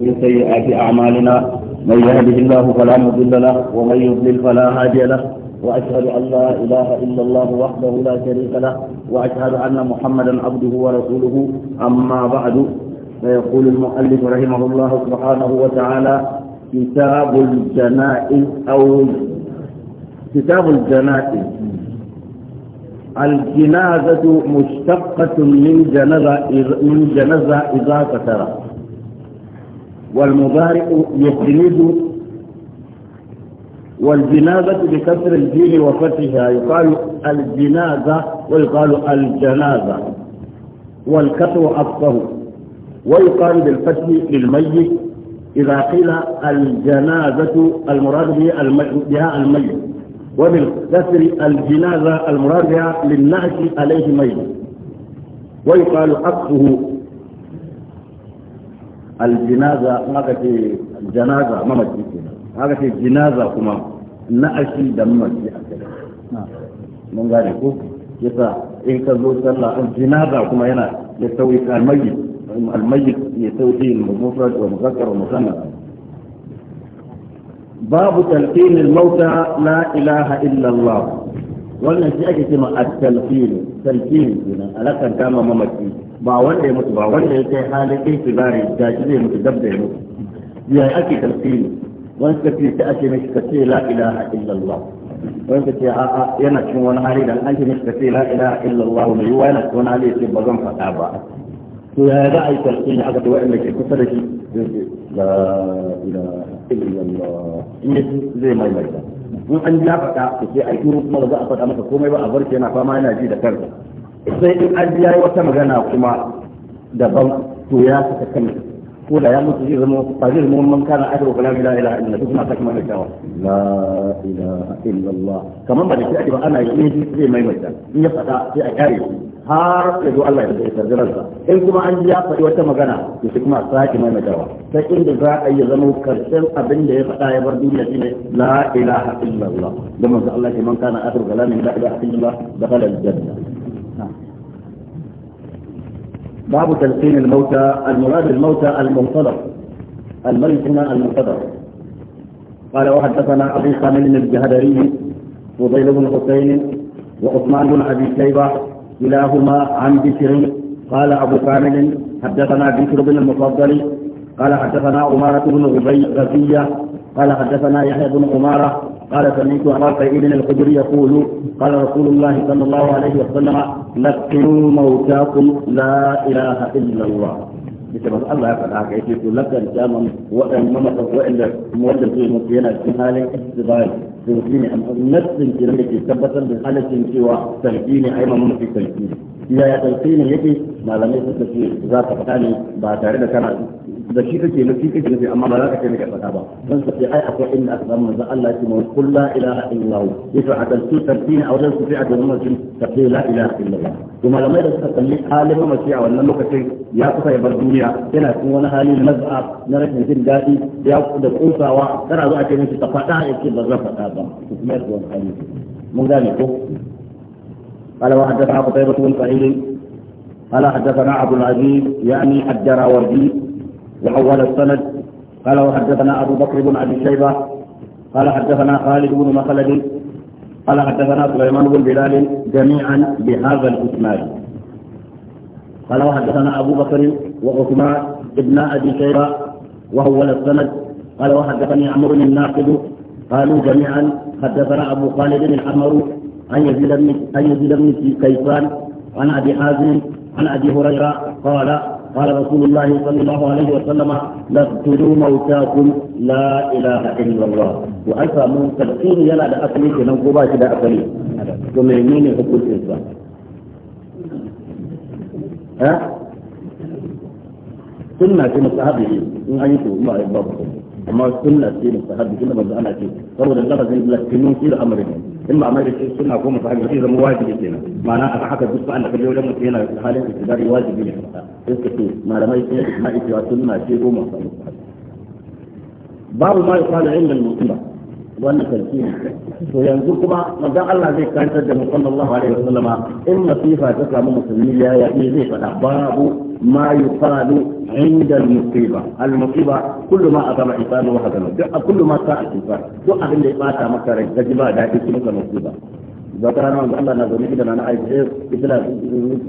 من سيئات أعمالنا من يهده الله فلا مضل له ومن يضلل فلا هادي له وأشهد أن لا إله إلا الله وحده لا شريك له وأشهد أن محمدا عبده ورسوله أما بعد فيقول المؤلف رحمه الله سبحانه وتعالى كتاب الجنائز أو كتاب الجنائز الجنازة مشتقة من جنازة من جنازة إذا كثرت والمضارع يخرج والجنازة بكسر الجيم وفتحها يقال الجنازة ويقال الجنازة والكسر أفصه ويقال بالفتح للميت إذا قيل الجنازة المراد بها الميت وبالكسر الجنازة المراد بها للنعش عليه ميت ويقال أقصه الجنازه ماذا في الجنازه ما مجيكنا هذا في الجنازه كما نعشي دم مجي اكل نعم. من ذلك يسا ان كذو صلى الجنازه كما ينا يسوي الميت الميت يسوي المفرد والمذكر والمثنى باب تلقين الموتى لا اله الا الله wannan shi ake cewa at-talqin talqin kenan alakan kama mamaci ba wanda ya mutu ba wanda ya kai halin intibari da shi zai mutu dabda ya mutu ya ake talqin wani suka ce ta ake mishi ka ce la ilaha illallah wani suka ce a'a yana cikin wani hali dan an ce mishi ka ce la ilaha illallah mai yiwuwa yana cikin wani hali ya ce ba zan faɗa ba to ya za a yi talqin aka ce waɗanda ke kusa da shi zai ce la ilaha illallah in zai maimaita in an ji faɗa to sai ai turu kuma za a faɗa masa komai ba a bar yana fama yana ji da kansa sai in an ya yi wata magana kuma daban to ya saka kansa ko da ya mutu zai zama ba zai zama man kana aka wa kalami la ilaha illa duk na ta kuma mai dawa la ilaha illallah kaman ba da shi ake ba ana yi ne zai maimaita in ya fada sai a kare har ya zo Allah ya zai tarjiran sa in kuma an ji ya faɗi wata magana to shi kuma sake maimaitawa ta inda za a yi zama karshen abin da ya faɗa ya bar duniya shine la ilaha illallah da manzo Allah ke man kana aka wa kalami la ilaha illallah dakhala al-janna باب تلقين الموتى المراد الموتى المنتظر المريض هنا المنتظر قال وحدثنا ابي خالد الجهدري فضيل بن حسين وعثمان بن ابي شيبه كلاهما عن بشر قال ابو كامل حدثنا بشر بن المفضل قال حدثنا عمارة بن ربيع غزية قال حدثنا يحيى بن عمارة قال سمعت عراق ابن الخدري يقول قال رسول الله صلى الله عليه وسلم لقنوا موتاكم لا اله الا الله يتبع الله قد عاكيت آه، يقول لك الجامع وإن ممت والا مودة في مكينة في حالة استضائل في مكينة أن نفس الجنمية تثبتا بحالة سوى تهديني ايضا ممت في تهديني yaya tausayin yake malamai su da za ka faɗa ne ba tare da kana da shi kake na shi kake nufi amma ba za ka kai ne ka faɗa ba don su ce ai akwai inda aka samu manzo Allah ya ce mu kul la ilaha illa hu yafa akan su tartin a wajen su fi a domin mutum ka ce la ilaha illa hu to malamai da suka kalli halin mamaci a wannan lokacin ya kusa ya bar duniya yana cikin wani hali na naz'a na rashin jin daɗi ya da kosawa kana zo a ce mishi ka faɗa ya ce ba zan faɗa ba kuma ya wani hali mun gane ko قال وحدثنا قطيبة بن سعيد قال حدثنا عبد العزيز يعني الدراوردي وحول السند قال وحدثنا أبو بكر بن أبي شيبة قال حدثنا خالد بن مخلد قال حدثنا سليمان بن بلال جميعا بهذا الإسناد قال وحدثنا أبو بكر وعثمان ابن أبي شيبة وهو السند قال وحدثني عمرو ناقد قالوا جميعا حدثنا أبو خالد الحمر أن يزيد بن عن يزيد عن ابي حازم عن ابي هريره قال قال رسول الله صلى الله عليه وسلم لقتلوا موتاكم لا اله الا الله وأنت من تلقين يلا لأقلي في كنا قبا أقلي أصلي ثم يمين يحب الإنسان ها سنة في مستحبه إن أيتوا ما يبقى أما سنة في مستحبه كلما أنا فيه فهو ده لفظ لكنون في الأمر إما ما جت السنة أو ما فهمت إذا مو واجب السنة معناها أنا حكى بس أنا في اليوم لما سنة حالي استدار واجب لي بس كتير ما لما يسنة ما يسنة السنة شيء هو ما صار بعض ما يقال عند المسلم وأنا كريم وينظر كما نبدأ الله ذي كان سجد صلى الله عليه وسلم إن فيها تسلم مسلمين يا يحيي إيه ذي فتح بابه ما يقال عند المصيبه المصيبه كل ما اتى الانسان وحده كل ما اتى الانسان وقع اللي باتا مكر الغجبا دائما في المصيبه ذكرنا ان الله نزل لك ان إيه؟ انا عايز ايه مثل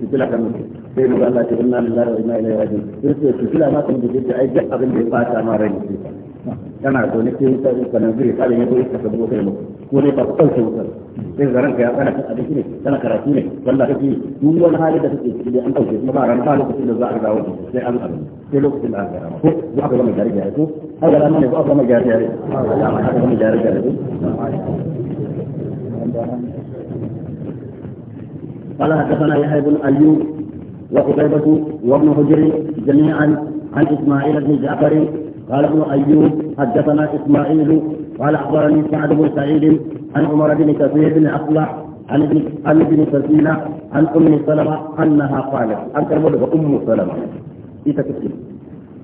مثل كان سيدنا الله تبارك وتعالى انا الى راجل مثل مثل ما كنت بدي عايز اقعد عند باتا مكر الغجبا kana zaune ke ta sanar zai kare ne ko iska ta zuwa kai ko ne ba ku ɗauke wutar sai zaran ka ya tsana cin abinci ne kana karatu ne wanda kake duk wani hali da kake ciki an ɗauke kuma ba ran ba lokacin da za a dawo sai an abin sai lokacin da aka ko za ka zama gyare gyare ko har da ne ba ka zama gyare gyare ka zama gyare gyare قال حدثنا يحيى بن ايوب وقتيبة وابن حجر جميعا عن اسماعيل بن جعفر قال ابن أيوب حدثنا إسماعيل قال أخبرني سعد بن سعيد عن عمر بن كثير بن أصلح عن ابن عن ابن سفينة عن أم سلمة أنها قالت أنت أم سلمة في إيه تكتب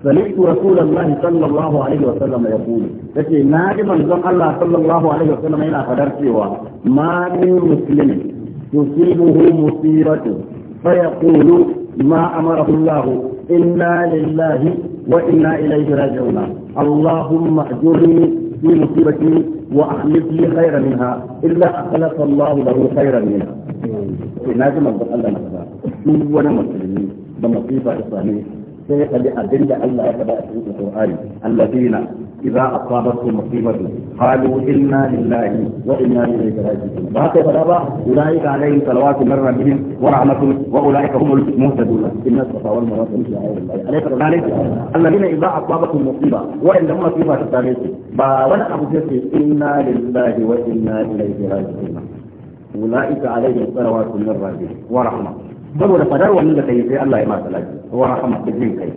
سمعت رسول الله صلى الله عليه وسلم يقول يقول ما من الله صلى الله عليه وسلم إلى قدر سوى ما من مسلم تصيبه مصيبة فيقول ما أمره الله إنا لله وإنا إليه راجعون اللهم اهجرني في مصيبتي وأخلف لي خيرا منها إلا أخلف الله له خيرا منها. ناجم الله الله نفسه. شو وانا مسلمين بمصيبة إسلامية كيف لأدلة الله أتباعه القرآن الذين إذا أصابتهم مصيبة قالوا إنا لله وإنا إليه راجعون بعد فلابا أولئك عليهم صلوات من ربهم ورحمة وأولئك هم المهتدون إن الصفا والمراد من شعائر الله أليس كذلك الذين إذا أصابتهم مصيبة وإن لم مصيبة تتعليك بأولا أبو جسي إنا لله وإنا إليه راجعون أولئك عليهم صلوات من ربهم ورحمة saboda fadar wannan da kai sai Allah ya masa lafiya wa rahama da jin kai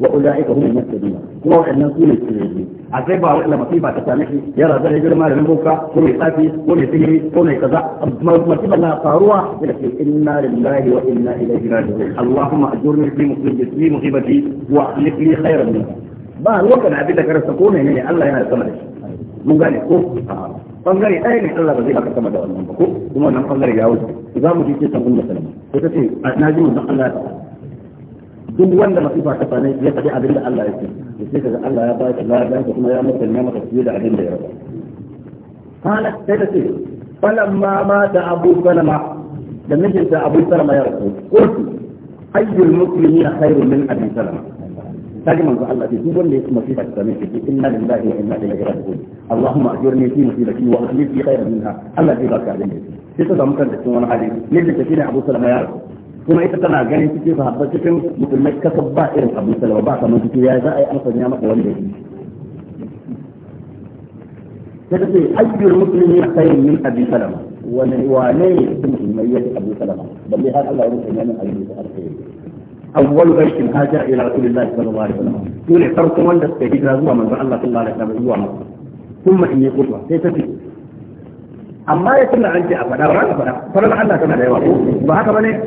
wa ulai ka hum al-muhtadun kuma waɗannan su ne sirri a sai ba wanda masifa ta same shi ya raza ya girma da boka ko mai tsafi ko mai sihiri ko mai kaza amma masifa na faruwa da ke inna lillahi wa inna ilaihi raji'un allahumma ajurni fi musibati wa akhlif li khayran ba lokacin abin da karasa ko ne ne Allah yana sama da shi mun gane ko bangare ɗaya ne Allah ba zai haka sama da wannan ba ko kuma wannan bangare ya wuce za mu ji ce san umma salama ko ta ce na ji mun Allah duk wanda masifa ta fane ya faɗi abin da Allah ya ce ya ce daga Allah ya ba shi ladan kuma ya mutu ne masa fiye da abin da ya rabu kana sai ta ce falamma ma da Abu Salama da mijinta Abu Salama ya rabu ko ayyul muslimina khairun min Abi Salama تاج من الله في دون ليس مصيبة من في إن لله وإنا إليه راجعون اللهم أجرني في مصيبتي وأخلي في خير منها الله في بركة عليه في تضمن كنت تكون حالي ليس كثير أبو سلمة يا رب كما يتكنا جاني في كيف هذا كيف مثل ما كتب بائر أبو سلمة وبعث من كتير يا زاي أنا صنيع ما قوم به كتبي أي المسلم خير من أبي سلمة ونيل من مية أبو سلمة بل هذا الله رسول الله عليه الصلاة أول بيت هاجر إلى رسول الله صلى الله عليه وسلم يقول اعترت من دست هجرة هو من الله صلى الله عليه وسلم هو مصر ثم إني كيف سيتفي أما يتم عن جاء فلا ولا فلا فلا الله كما لا يوافق وهكذا من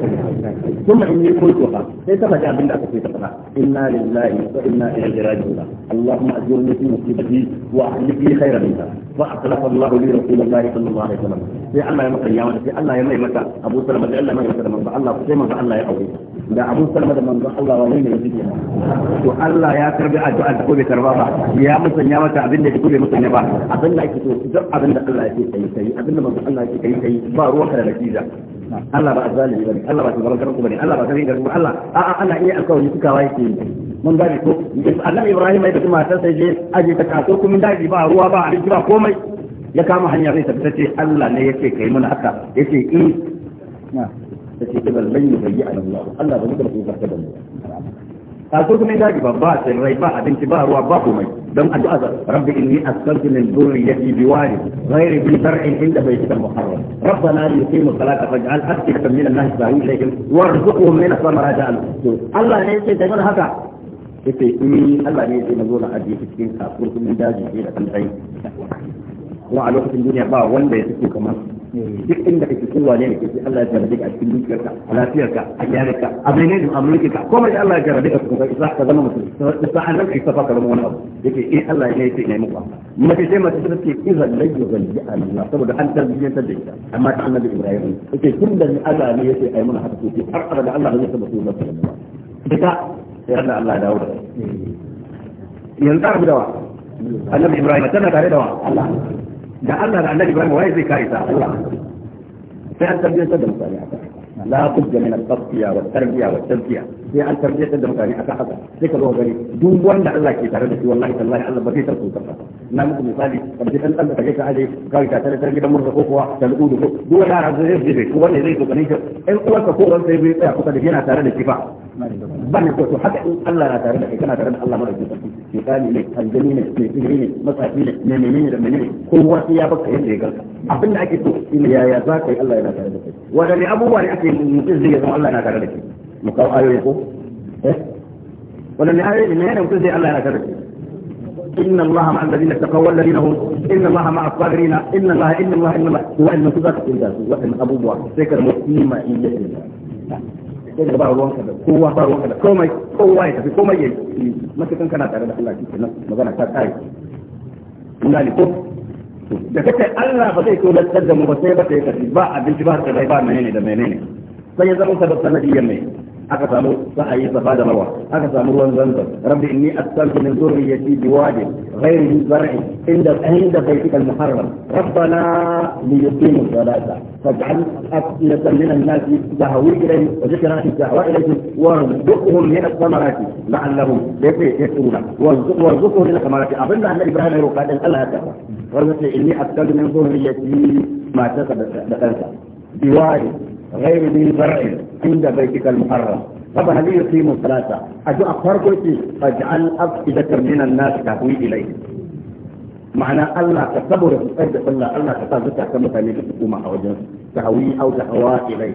ثم إني قدوة سيتفى جاء بالله في تقرأ إنا لله وإنا إليه راجعون اللهم أجرني في مصيبتي وأحلف لي خيرا منها فأخلف الله لي رسول الله صلى الله عليه وسلم في الله يمكن يا ولد في الله يمكن أبو سلمة الله يمكن الله سلمة الله يأوي da abu salma da manzon Allah wa ne yake to Allah ya karbi addu'a da ko karba ba ya musanya mata abin da ko musanya ba abin da ake to duk abin da Allah yake kai kai abin da manzon Allah yake kai kai ba ruwa kada rakiza Allah ba azali bane Allah ba tabaran ku bane Allah ba tabaran karku Allah a a ana iya alƙawari suka wai ke mun gane ko Allah Ibrahim ya tafi matar sai je aje ta kasuwar kuma daji ba ruwa ba abinci ba komai ya kama hanya sai ta ce Allah ne yake kai mun haka yake in eh, take ilal layli bayyana Allah Allah ba zai ku barka da mu kafin kuma ya ba ba sai rai ba abinci ba ruwa ba komai don addu'a ga rabbi inni askantu min dhurriyyati biwari ghairi bi zar'in inda baytika muharram rabbana la yuqimu salata faj'al afkatan min an-nas tawi ilayhim warzuqhum min thamarati al-rizq Allah ne yake da haka yace in Allah ne yake mazo na ajiye cikin kafin kuma daji da kan dai wa a lokacin duniya ba wanda ya fito kamar duk inda kake kowa ne kake Allah ya jarabe ka a cikin dukiyarka a lafiyarka a yarka a menene a mulki ka komai da Allah ya jarabe ka kuma isa ka zama mutum isa an nan isa ka zama wani abu yake in Allah ya yi ne muku mace sai mace take izan da ya zalli Allah saboda an tarbiyyar ta da ita amma ta annabi Ibrahim yake tun da Allah ne yake ai mana haka to har abada Allah ba zai taba so masa ba duka sai Allah Allah ya dawo da yanzu da wa annabi Ibrahim tana tare da wa Allah da Allah da Annabi Ibrahim waye zai kare ta Allah sai an tabbatar da misali haka la budda min al-taqiyya wa tarbiya wa tarbiya sai an tarbiyyar da mutane akan haka sai ka zo gari duk wanda Allah ke tare da shi wallahi tallahi Allah ba zai tarko ka na muku misali kamar dan dan da kake ka aje ka ga tare da gidan murza ko kuwa da al'udu ko duk wanda har zai zai ko wanda zai to ganin shi in uwarka ko wanda sai bai tsaya kusa da yana tare da shi fa bane ko to haka in Allah na tare da kai kana tare da Allah madaukakin sarki misali ne aljani ne ne sihiri ne matsafi ne ne ne ne da menene kowa sai ya baka yadda ya ganka abin da ake so shine yaya za ka yi Allah yana tare da kai wadanne abubuwa ne ake mutum zai zama Allah na tare da kai مقاو آيو يقو إيه؟ ولن آيو إن هنا آية آية يمتزي الله لا تبك إن الله مع الذين اتقوا الذين هم إن الله مع الصابرين إن الله إن الله إن الله هو إن تبك إلا سوء إن أبو بوا سيكر مؤمن ما إن جهد الله كيف بارو وان كذا كوا بارو وان كذا كوما كوا إذا في كوما يجي ما تكن كنا ترى الله كي كنا ما كنا كات آي إن الله كوب da kake Allah ba zai tola sadda mu ba sai ba sai ba abin ba ta bai ba mene ne da mene ne sai ya zama sabab sanadiyan mai aka samu sa'ayi safa da marwa aka samu ruwan zanzan rabbi inni asqaltu min dhurriyyati biwadin ghayri zar'in inda inda baytika al-muharram rabbana liyuqimu salata faj'al afidatan min an-nas tahwi ilayhim wa dhikra tahwa ilayhim warzuqhum min ath-thamarati la'allahum yatadhakkaruna warzuqhum min ath-thamarati abinda annabi ibrahim ya roƙa dan Allah ya karba wannan inni asqaltu min dhurriyyati ma tasabba da kansa biwadin غير ذي زرع عند بيتك المحرم طب هل يقيم الصلاه؟ اجو افرقوا فاجعل افئده من الناس تهوي اليه. معنى الله كصبر في قلب الله الله كصبر كما كان يقول مع اوجه تهوي او تهوى اليه.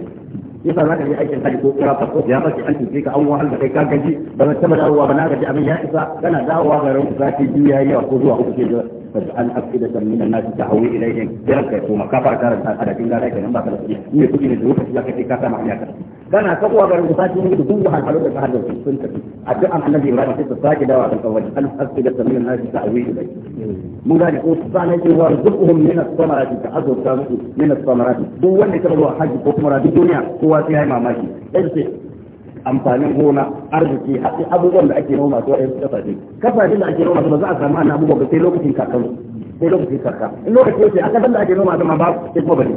إذا لك في اي شيء قد يكون كرافه قصدي يا بشر انت فيك او هل بكيك كجي بل تبدا هو بناك بامي يائسه كان دعوه غير ذاتي بيا يا خذوها وكذا فاجعل أفئدة من الناس تهوي إليهم بركة ثم كفر كارن هذا كنا لا يكن ما كنا فيه من كل الظروف لا كتي كفر معنا كنا كان كفوا غير مساجين يدخلوا على الحلول هذا في سنة أتى أن النبي إبراهيم في الساجد دعوة الأول أن أفئدة من الناس تهوي إليهم من ذلك وصانع وارزقهم من الثمرات تعذر كانوا من الثمرات دون كبروا حج كفر الدنيا هو ما ماشي إيه amfanin gona arziki haɗe abubuwan da ake noma su wa'in kafaje kafaje da ake noma su ba za a samu ana abubuwa sai lokacin kakan sai lokacin karka in lokacin yake a kasan da ake noma zama ba sai kuma bane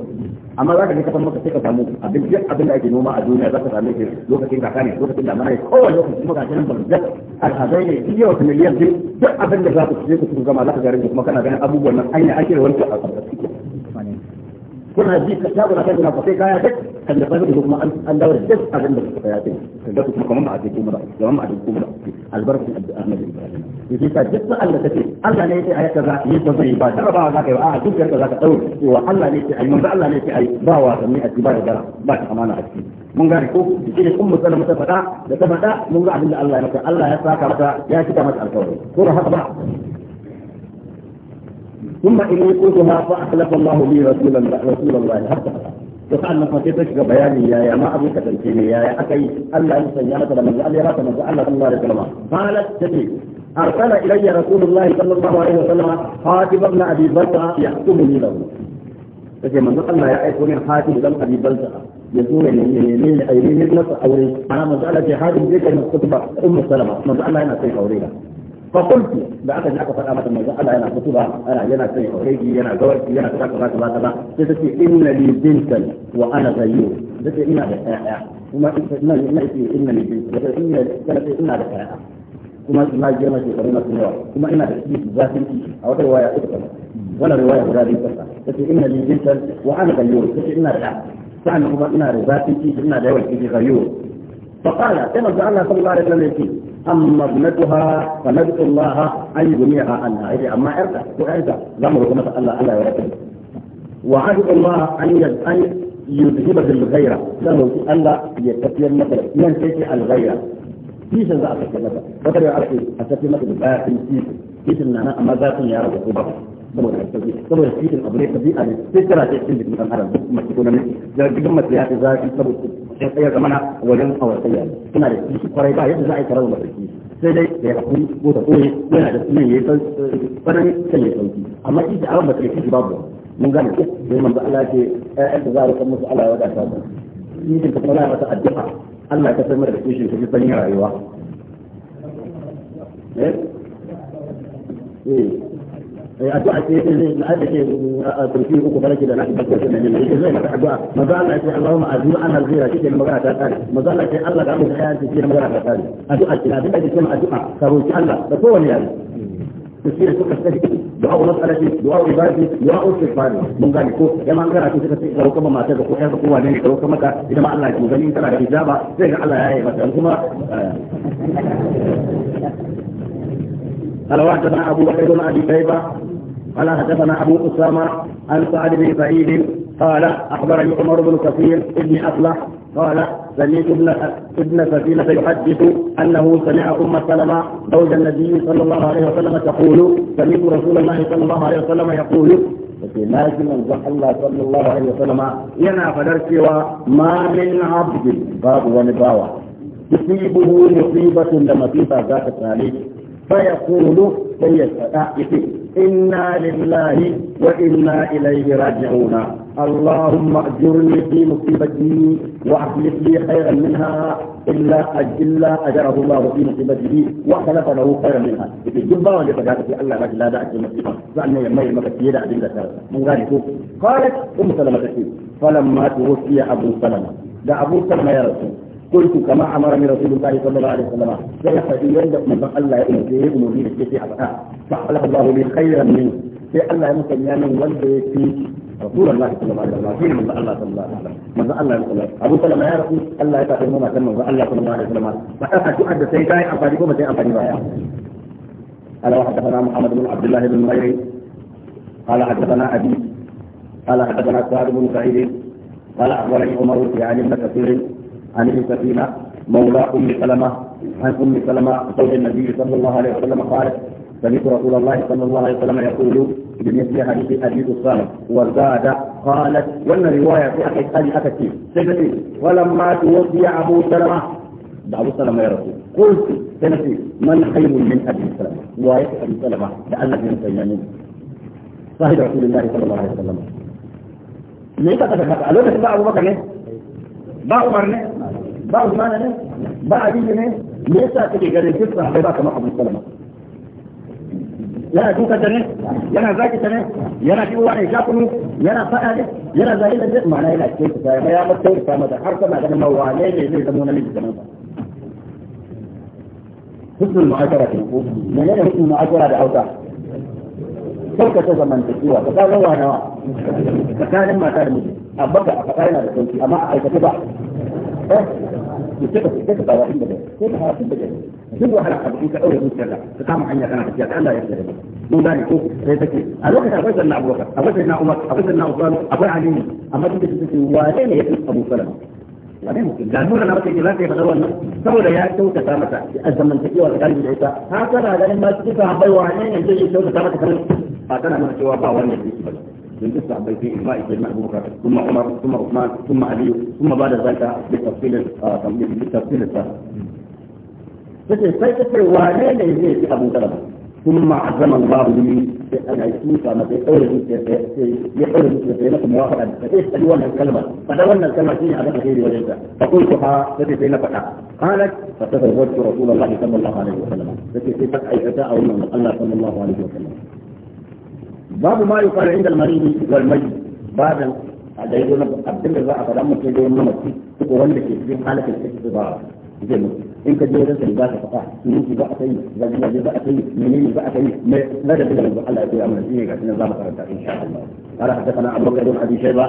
amma za ka je kasan maka sai ka samu abin duk abin da ake noma a duniya za ka same shi lokacin kaka ne lokacin da mana kowane lokacin kuma ga kiran barjat alhazai ne iya wata miliyan duk abin da za ku je ku gama za ka gare kuma kana ganin abubuwan nan ainihin ake wani a ƙasar كنا نجيب كتاب ولا كنا نطفي كايا دك كان يطلب لهم أن أن دور الدس أجند الحياتين الدس كم ما عاد يقوم رأي كم ما عاد يقوم رأي البرد أحمد إبراهيم يجي تجس الله تكفي الله ليس آية كذا يتوزع إبادة ربع ذاك وآه جد كذا كتور والله ليس أي من الله ليس أي باوا من أتباع درا باك أمانة أكيد mun gane ko shi ne ummu sallama ta faɗa da ta faɗa mun ga abin da Allah ya mata Allah ya saka mata ya cika mata alƙawari ko da haka ba ثم إني قلتها فأخلف الله بي رسول الله رسول الله حتى وقال لما كنت بياني يا يا ما ابيك تنسيني يا يا أخي ألا أنسى يا مثلا من أبي رأت من سأل الله عليه وسلم قالت تجي أرسل إلي رسول الله صلى الله عليه وسلم حاتم بن أبي بلطه يحكمني له kace manzo Allah ya aiko min hatim dan Abi Balta ya zo ne ne ne ainihin nasa aure ana manzo Allah ce hatim zai kai mutuba ummu salama manzo Allah yana فقلت بعد ان اقف الامر من قال انا خطوبه انا جنا سي اوريجي جنا زوجتي انا كذا كذا كذا كذا تتسي ان لي بنتا وانا غيور تتسي ان لي وما ان لي بنتا ان لي بنتا ان لي بنتا ان لي بنتا كما ما جينا في قرينا في النور كما ان لي بنتا او روايه اخرى ولا روايه غير ذلك تتسي ان لي بنتا وانا غيور تتسي ان لي بنتا فانا انا ان لي بنتا ان لي غيور فقال كما جعلنا صلى الله عليه وسلم أما ابنتها فندعو الله أن يغنيها عنها إذا أما أرتا وأرتا زمر كما الله الله يرحمه وعدوا الله أن أن يذهب بالغيرة لأنه الله يتكلم مثلا ينتهي الغيرة كيف ذا أتكلم مثلا وترى أتكلم مثلا باقي كيف كيف أنا أما ذات يا رب saboda sauki saboda shi abu ne tabi'a ne sai tara ta cikin jikin haram kuma ki gona ne da gidan mace ya ta zafi saboda sai tsaya zamana wajen kawasaiya suna da kishi kwarai ba yadda za a yi karar mace sai dai da ya hakuri ko ta koye yana da sunan ya yi tsanan kan ya sauki amma shi da aron mace kishi babu mun gane ko sai manzo Allah ce ƴaƴan da za a rika musu Allah ya wadata ba ni da kuma na mata addu'a Allah ya kasar mata da kishin ta ji sanyin rayuwa eh eh addu'a ce zai na aje ke kurfi uku barake da lafiya ko kuma ne zai maka addu'a maza Allah ce Allahumma azur an alghira kike magana ta tsari maza Allah ce Allah ga mu da yayin kike magana ta tsari addu'a ce abin da kike addu'a ka roki Allah da kowane yare تصير سوق السجن دعاء مسألة دعاء عبادة دعاء استغفار من قال يكون يا من قال أكيد كتير لو كم ما تبقى وحياة قوة لين لو كم كا إذا ما الله يكون غني ترى الإجابة زي الله يا مثلا كم قال وحدثنا ابو بكر بن ابي شيبه قال حدثنا ابو اسامه عن سعد بن سعيد قال اخبرني عمر بن كثير بن اصلح قال سمعت ابن ابن سفينة يحدث أنه سمع أم سلمة زوج النبي صلى الله عليه وسلم تقول سمعت رسول الله صلى الله عليه وسلم يقول في لازم أن الله صلى الله عليه وسلم ينا فدرسي ما من عبد باب ونباوة تصيبه مصيبة لما فيها ذات التاريخ فيقول سيسأل إنا لله وإنا إليه راجعون اللهم أجرني في مصيبتي وأخلف لي خيرا منها إلا أجل أجره الله في مصيبته وخلف له خيرا منها جبا الجبة في الله لا داعي للمصيبة فأنا يمي المكتية لا أجل ذلك قالت أم سلمة فلما توفي أبو سلمة ده أبو سلمة يا رسول قلت كما امرني رسول الله صلى الله عليه وسلم لا فديان من قال الله ان جيب مدير في ابقى فعله الله لي خيرا منه في الله يمكن يعمل في رسول الله صلى الله عليه وسلم في من الله صلى الله عليه وسلم من الله صلى الله ابو سلمة يا رسول الله يتقي ما كان من الله صلى الله عليه وسلم فاخذ تؤدى سيداي افاديكم سيداي افادي بايا قال حدثنا محمد بن عبد الله بن مغيري قال حدثنا ابي قال حدثنا سعد بن سعيد قال اخبرني عمر يعني ابن كثير عن ابن سكينة مولى أم سلمة عن أم سلمة زوج النبي صلى الله عليه وسلم قالت سمعت رسول الله صلى الله عليه وسلم يقول بمثل حديث حديث الصالح وزاد قالت وان رواية في أبي أكتي سيدتي ولما توفي أبو سلمة أبو سلمة يا رسول قلت سيدتي من خير من أبي سلمة رواية أبي سلمة لأن ابن سيمين يعني صاحب رسول الله صلى الله عليه وسلم ليس بقى تفكر؟ ألو بس أبو بكر ليه؟ عمر ليه؟ ba usmana ne ba aliyu ne me yasa kake ganin duk sahabbai ba kamar abu salama yana duka ta ne yana zaki ta ne yana ji uwa ne shakunu yana faɗa ne yana zai da jin ma'ana yana cikin ta ya ba sai ta mata har kana ganin mawa ne ne zai zama na miji kamar ba hukun mu'akara ne ko menene hukun mu'akara da auta sauka ta zaman ta kiwa ta kawo wa nawa tsakanin mata da miji abba ka a faɗa yana da sauki amma a aikata ba كيف تعرفين بدل كيف تعرفين بدل كل واحد عقب انت اول مستدع تقام عينك انا في الا يستدعي من ذلك ريتك الوقت ابوك ان ابو بكر ابوك ان عمر ابوك ان عثمان ابو علي اما كنت تسكت وين يكتب ابو سلمه da nuna na wata kila sai ka zarwa nan saboda ya kyautata mata a zamantakewa da galibi da ita haka da ganin ma su suka bai wa ne ne zai kyautata mata kamar ba tana nuna cewa ba wannan yake ba بالنسبة بيتي إسماء سيدنا أبو بكر ثم عمر ثم عثمان ثم علي ثم بعد ذلك بالتفصيل بالتفصيل الثاني. فكيف wane ne zai أبو abu ثم عزم الله به أن يسوس ما في أول يقول في مواقع موافقا فتسألون الكلمة فدولنا الكلمة فيها على خير وليس فقلتها التي في نفقة قالت فتزوجت رسول الله صلى الله عليه وسلم التي في فتح عيسى أو من الله صلى الله عليه وسلم باب ما يقال عند المريض والمجد بعد هذا يقول عبد الله عبد الله مكي دون مكي تقول لك في حالة الاستضاعة زي ما انت جاي رزق الباقي فقط من في بقى تاني زي ما جاي بقى تاني من اللي بقى تاني ما ما ده بدل ما الله في امر الدين قاعد نظام قرار ان شاء الله قال حدثنا ابو بكر بن ابي شيبه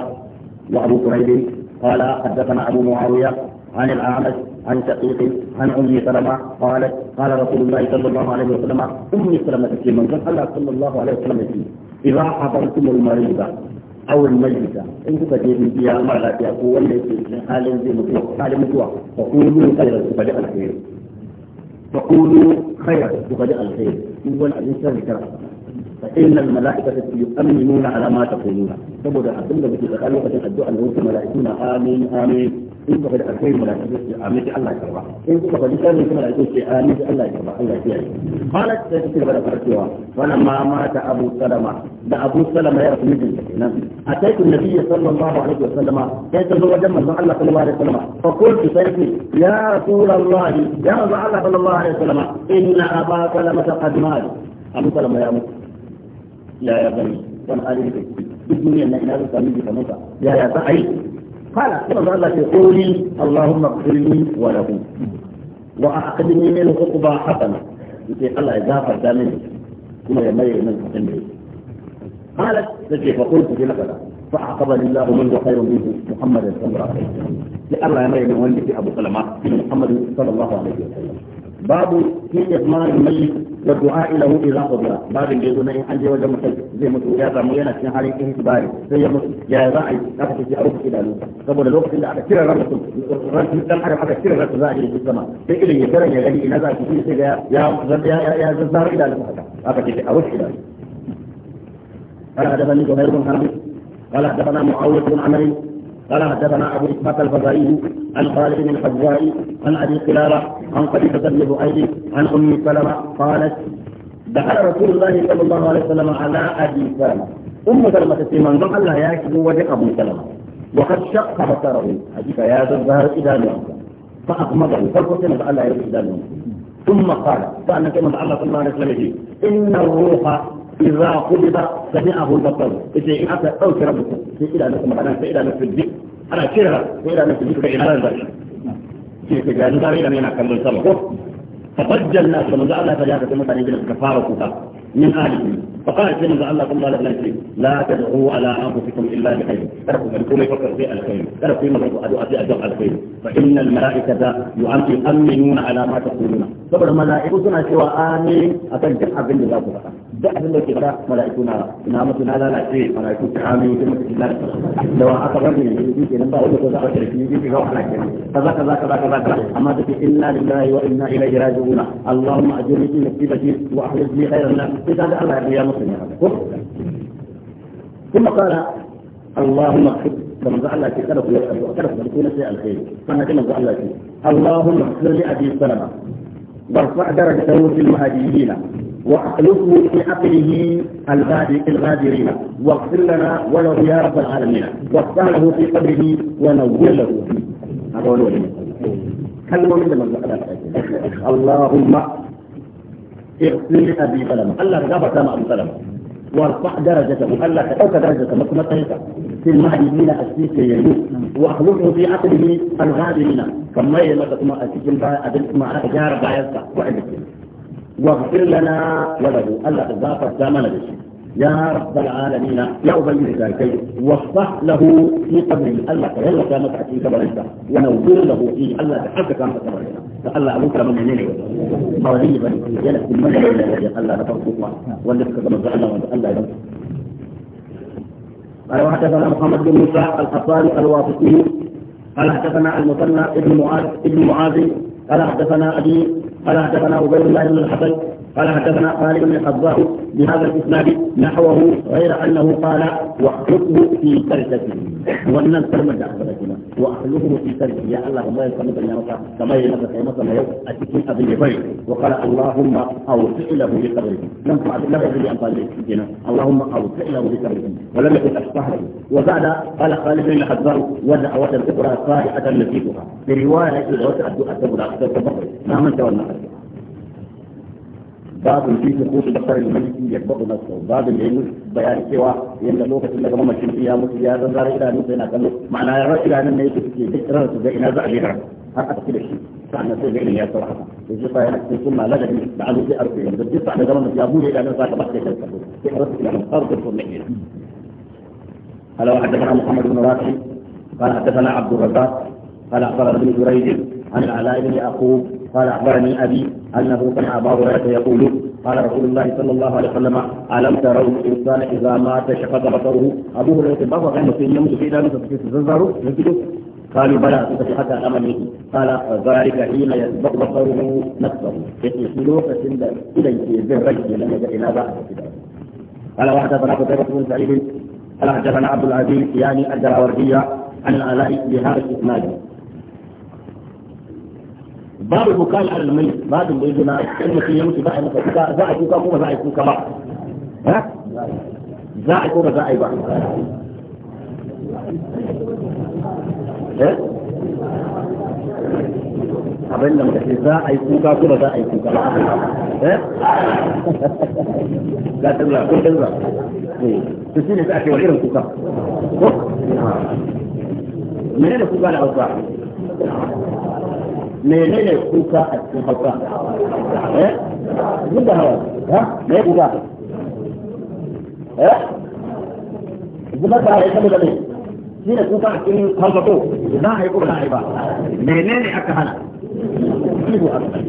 وابو كريب قال حدثنا ابو معاويه عن الاعمش عن شقيق عن ام سلمه قالت قال رسول الله صلى الله عليه وسلم امي سلمه في منزل قال صلى الله عليه وسلم إذا حضرتم المريضة أو الميتة إن كنت تجد فيها مرة يقول لك حال زي مطلق حال مطلق فقولوا خير فجاء الخير فقولوا خير فجاء الخير يقول الإنسان كرم فإن الملائكة يؤمنون على ما تقولون فبدأ abin da muke tsakanin wajen addu'a da wasu mala'ikuna amin in ba da alkhairi da alkhairi a miji Allah ya karba in kuka faɗi sharri kuma da alkhairi a miji Allah ya karba Allah ya kiyaye malat sai take gaba da farkewa wannan ma mata Abu Salama da Abu Salama ya rasu mijin nan ataitu nabiyyi sallallahu alaihi wasallama sai ta zo wajen manzon Allah sallallahu alaihi wasallama fa qultu sayyidi ya rasulullahi ya manzon Allah sallallahu alaihi wasallama inna aba salama qad mal Abu Salama ya mutu ya ya bani wani alimi duk duniyar nan ina zan sami jikansa ya ya za a yi قال كما الله تقولي اللهم اغفر لي وله وأعقدني من عقبى حسنة يقول الله يغفر دامن كما يميل من حسنه قالت تجي فقلت في لك فعقبني الله من خير منه محمد صلى الله عليه وسلم لأن الله يميل من ولدك أبو سلمة محمد صلى الله عليه وسلم باب في إضمار الميت والدعاء له إذا قبل باب يقول إن عندي وجه محج زي مسؤول يا زلمة أنا في حالي انتباهي زي مسؤول يا راعي أفتح في أروح إلى الوقت قبل الوقت اللي على كثير رمت رمت كم حاجة على كثير رمت زاهي في السماء في إلي يترى يا غني إن هذا كثير سيدا يا يا يا زار إلى الوقت أفتح أروح إلى قال حدثني زهير بن حرب قال حدثنا معاوية بن عمرو قال حدثنا ابو اسحاق الفزائي عن خالد بن الحجاج عن ابي قلابه عن قبيصه بن بؤيد عن ام سلمه قالت دخل رسول الله صلى الله عليه وسلم على ابي سلمه ام سلمه تسليما قال الله يا وجه ابو سلمه وقد شق بصره حديث يا ذا الظهر اذا فاقمضه فالقسم قال الله يا ثم قال فان كما الله صلى الله عليه وسلم ان الروح إذا قبض سمعه البطل إذا إن أتى أو كربك في إلى نفس المعنى في إلى الذكر ana kira ko ina nan kuma ina nan zai ke ke ga ni da yana kallon sama ko fabajjalna kuma za Allah ta ja ka mutane da suka fara kuka من آله فقالت لنا الله قم لا تدعوا على أنفسكم إلا بخير تركوا أنكم في الخير تركوا فيما تدعوا أدعوا في أجر الخير فإن الملائكة يؤمنون على ما تقولون صبر ملائكتنا سوى آمين أتجد عبد الله سبحانه دعوا الله ملائكتنا نامتنا لا لا ملائكتنا لو أقربني يعني لك كذا كذا كذا إنا لله وإنا إليه راجعون اللهم أجرني في نسيبتي وأحرزني خير الناس إذا الله يا مسلم يا ثم قال اللهم اغفر كما قال الله يسأل كذا كذا كذا شيء الخير فانا كما قال الله اللهم اغفر لأبي سلمة وارفع درجته في المهاجرين واخلفه في عقله الغادرين واغفر لنا ولو يا رب العالمين وافتحه في قبره ونور له فيه هذا هو كلمة من لمن الله اللهم اغفر ابي سلمة الله غفر سلمه ابو سلمة وارفع درجته الله ألا درجته درجة ما تنسى في المهديين أسيك يلوك وأخلقه في عقله الغادرين كما يلوك ثم أسيك الباء أدل ثم أجار بايسة وعدك واغفر لنا وله ألا تغفر سامة نبيه يا رب العالمين يا أبي ذلك وصح له في قبره الله كهلا كانت في قبره ونوبر له في الله بحق كانت قبره فقال أبوك من منين مولي بني يلك من منين قال لا تفرق الله ولك كما زعلنا وأن الله يبقى قال وحدثنا محمد بن موسى الحصاري الواسطي قال حدثنا المثنى ابن معاذ ابن معاذ قال حدثنا ابي قال حدثنا عبيد الله بن الحسن قال حدثنا خالد بن الحضاء بهذا الاسناد نحوه غير انه قال واخلقه في تركته وان الكلمه اللي بلدنا واخلقه في تركته يا الله ما يسلمك يا رب كما يلبس يا مثلا يوم اتيك ابي بيت وقال اللهم اوسع له بقبره لم تعد له بانفاس الجنة اللهم اوسع له بقبره ولم يكن اشبهه وبعد قال خالد بن الحضاء ودعوه اخرى صالحه نسيتها بروايه الوسع الدعاء تبرع تبرع ما من تولى babu fi ko su dafar mulki ya babu nasu babu da yin bayani cewa yanda lokacin da gama mutum ya mutu ya zanzara idanu sai na kallo ma'ana ya rasu idanun ne yake suke duk ran su ga ina za a jira har a tafi da shi sa'annan sai ga irin ya sauka to shi sai sai sun ma lagari da alu sai arfi yanzu duk sa'an da gama mutum ya bude idanun sa ka ba sai ka kallo sai rasu idanun farko sun ne قال وحدثنا محمد بن راشد قال حدثنا عبد الرزاق قال اخبرنا ابن جريج عن العلاء بن يعقوب قال أخبرني أبي أنه سمع أبا هريرة يقول قال رسول الله صلى الله عليه وسلم ألم تروا الإنسان إذا مات شقق بصره ابوه هريرة بابا غير مسلم يموت في دار تتزرزر قالوا بلى فتحت الأمر قال ذلك حين يسبق بصره نفسه في لوحة إليه بالرجل لم يجد إلى بعد قال وحدثنا قتيبة بن سعيد قال حدثنا عبد العزيز يعني الدراوردية عن العلاء بهذا الإسناد babu bukal al mai babu da yana in mutum ya mutu za a masa kuka za a kuka kuma za a yi kuka ba ha za a kuka za a yi ba eh abin da mutum za a yi kuka kuma za a yi kuka ba eh ga tsira ko tsira eh shi ne za a ce wa irin kuka ko menene kuka da hausa menene kuka a cikin hausa eh duk da hawa ha me kuka eh zubar da hawa saboda me shi ne kuka a cikin hausa ko za a yi ko za a yi ba menene aka hana ihu aka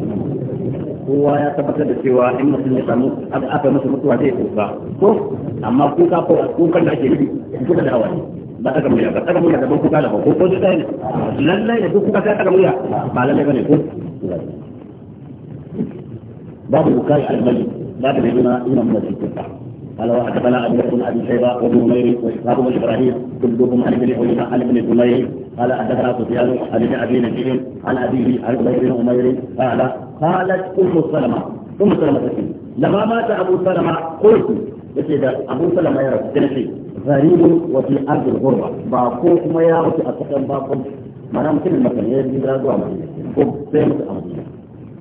kowa ya tabbatar da cewa in mutum ya samu aka masa mutuwa zai kuka ko amma kuka ko kukan da ake nufi kuka da hawa ne ba ta gamuya ba ta gamuya da kuka da ko ko da ne lallai da kuka ta gamuya ba lallai bane ko babu bukai al-mali babu da yana ina قال وحدثنا ابي بكر ابي شيبه وابن نمير واسحاق بن ابراهيم كلهم عن ابن حليمه عن ابن جمير قال حدثنا سفيان عن ابي نجيب عن ابيه عن ابي بن عمير قال قالت ام سلمه ام سلمه لما مات ابو سلمه قلت يا ابو سلمه يرى رب غريب وفي أرض الغربة باقوك ما يا وفي باقوك ما ما نمكن المكان يجب لا دعوة مدينة قب سيمة أرضية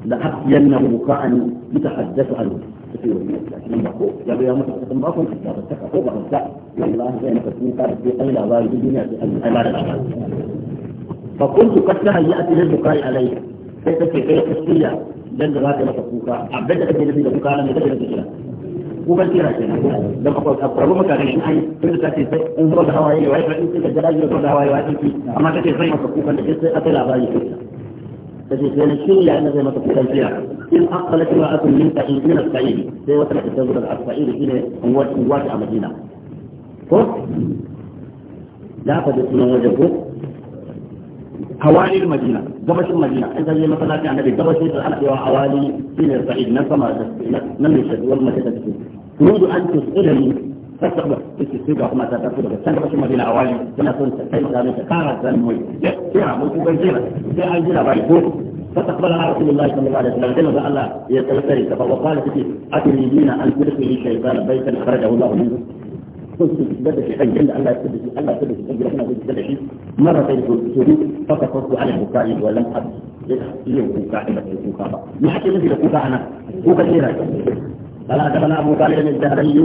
لأحينه بكاء يتحدث عنه كثير من لكن باقوك يا بيا متى أكثر باكو يعني لا تتكى قوة والله زي ما تكون كانت في أي لابال الدنيا في أي لابال فكنت قد يأتي للبكاء عليه كيف تكفي كيف تكفي لن تغادر تكوكا عبدت أجل في ومن كده ده خلاص اقربوا مكان الحي كده تاتي زي انظر الهوايه وعيب انت الدلاج يقول الهوايه وعيب اما تاتي يعني زي ما تقول انت اتلعب عليه تجد لأن الشيء لأن زي ما تقول فيها إن أقلت امرأة من سعيد من السعيد زي وصلت الزوجة السعيد هنا هو واجع مدينة لا تجد من وجهه حوالي المدينة جبش المدينة إذا هي مثلا في النبي الحلقة وحوالي سين السعيد من سما نمشت والمسجد منذ أن تسألني فاستقبل استقبل كما تتفضل السنة بس مدينة أوالي سنة سنة سنة سنة كارة سنة سنة فتقبلها رسول الله صلى الله عليه وسلم كما الله يتلتري فقالت في أتريدين أن تدخلي الشيطان بيتا أخرجه الله منه قلت بدأ في حي إلا ألا يسد في يسد في حي بدأ في مرة سجود فتصرت على البكاء ولم أبكي ليه بكاء في بكاء ما حكيت لك بكاء أنا بكاء قال حدثنا ابو طالب الزهري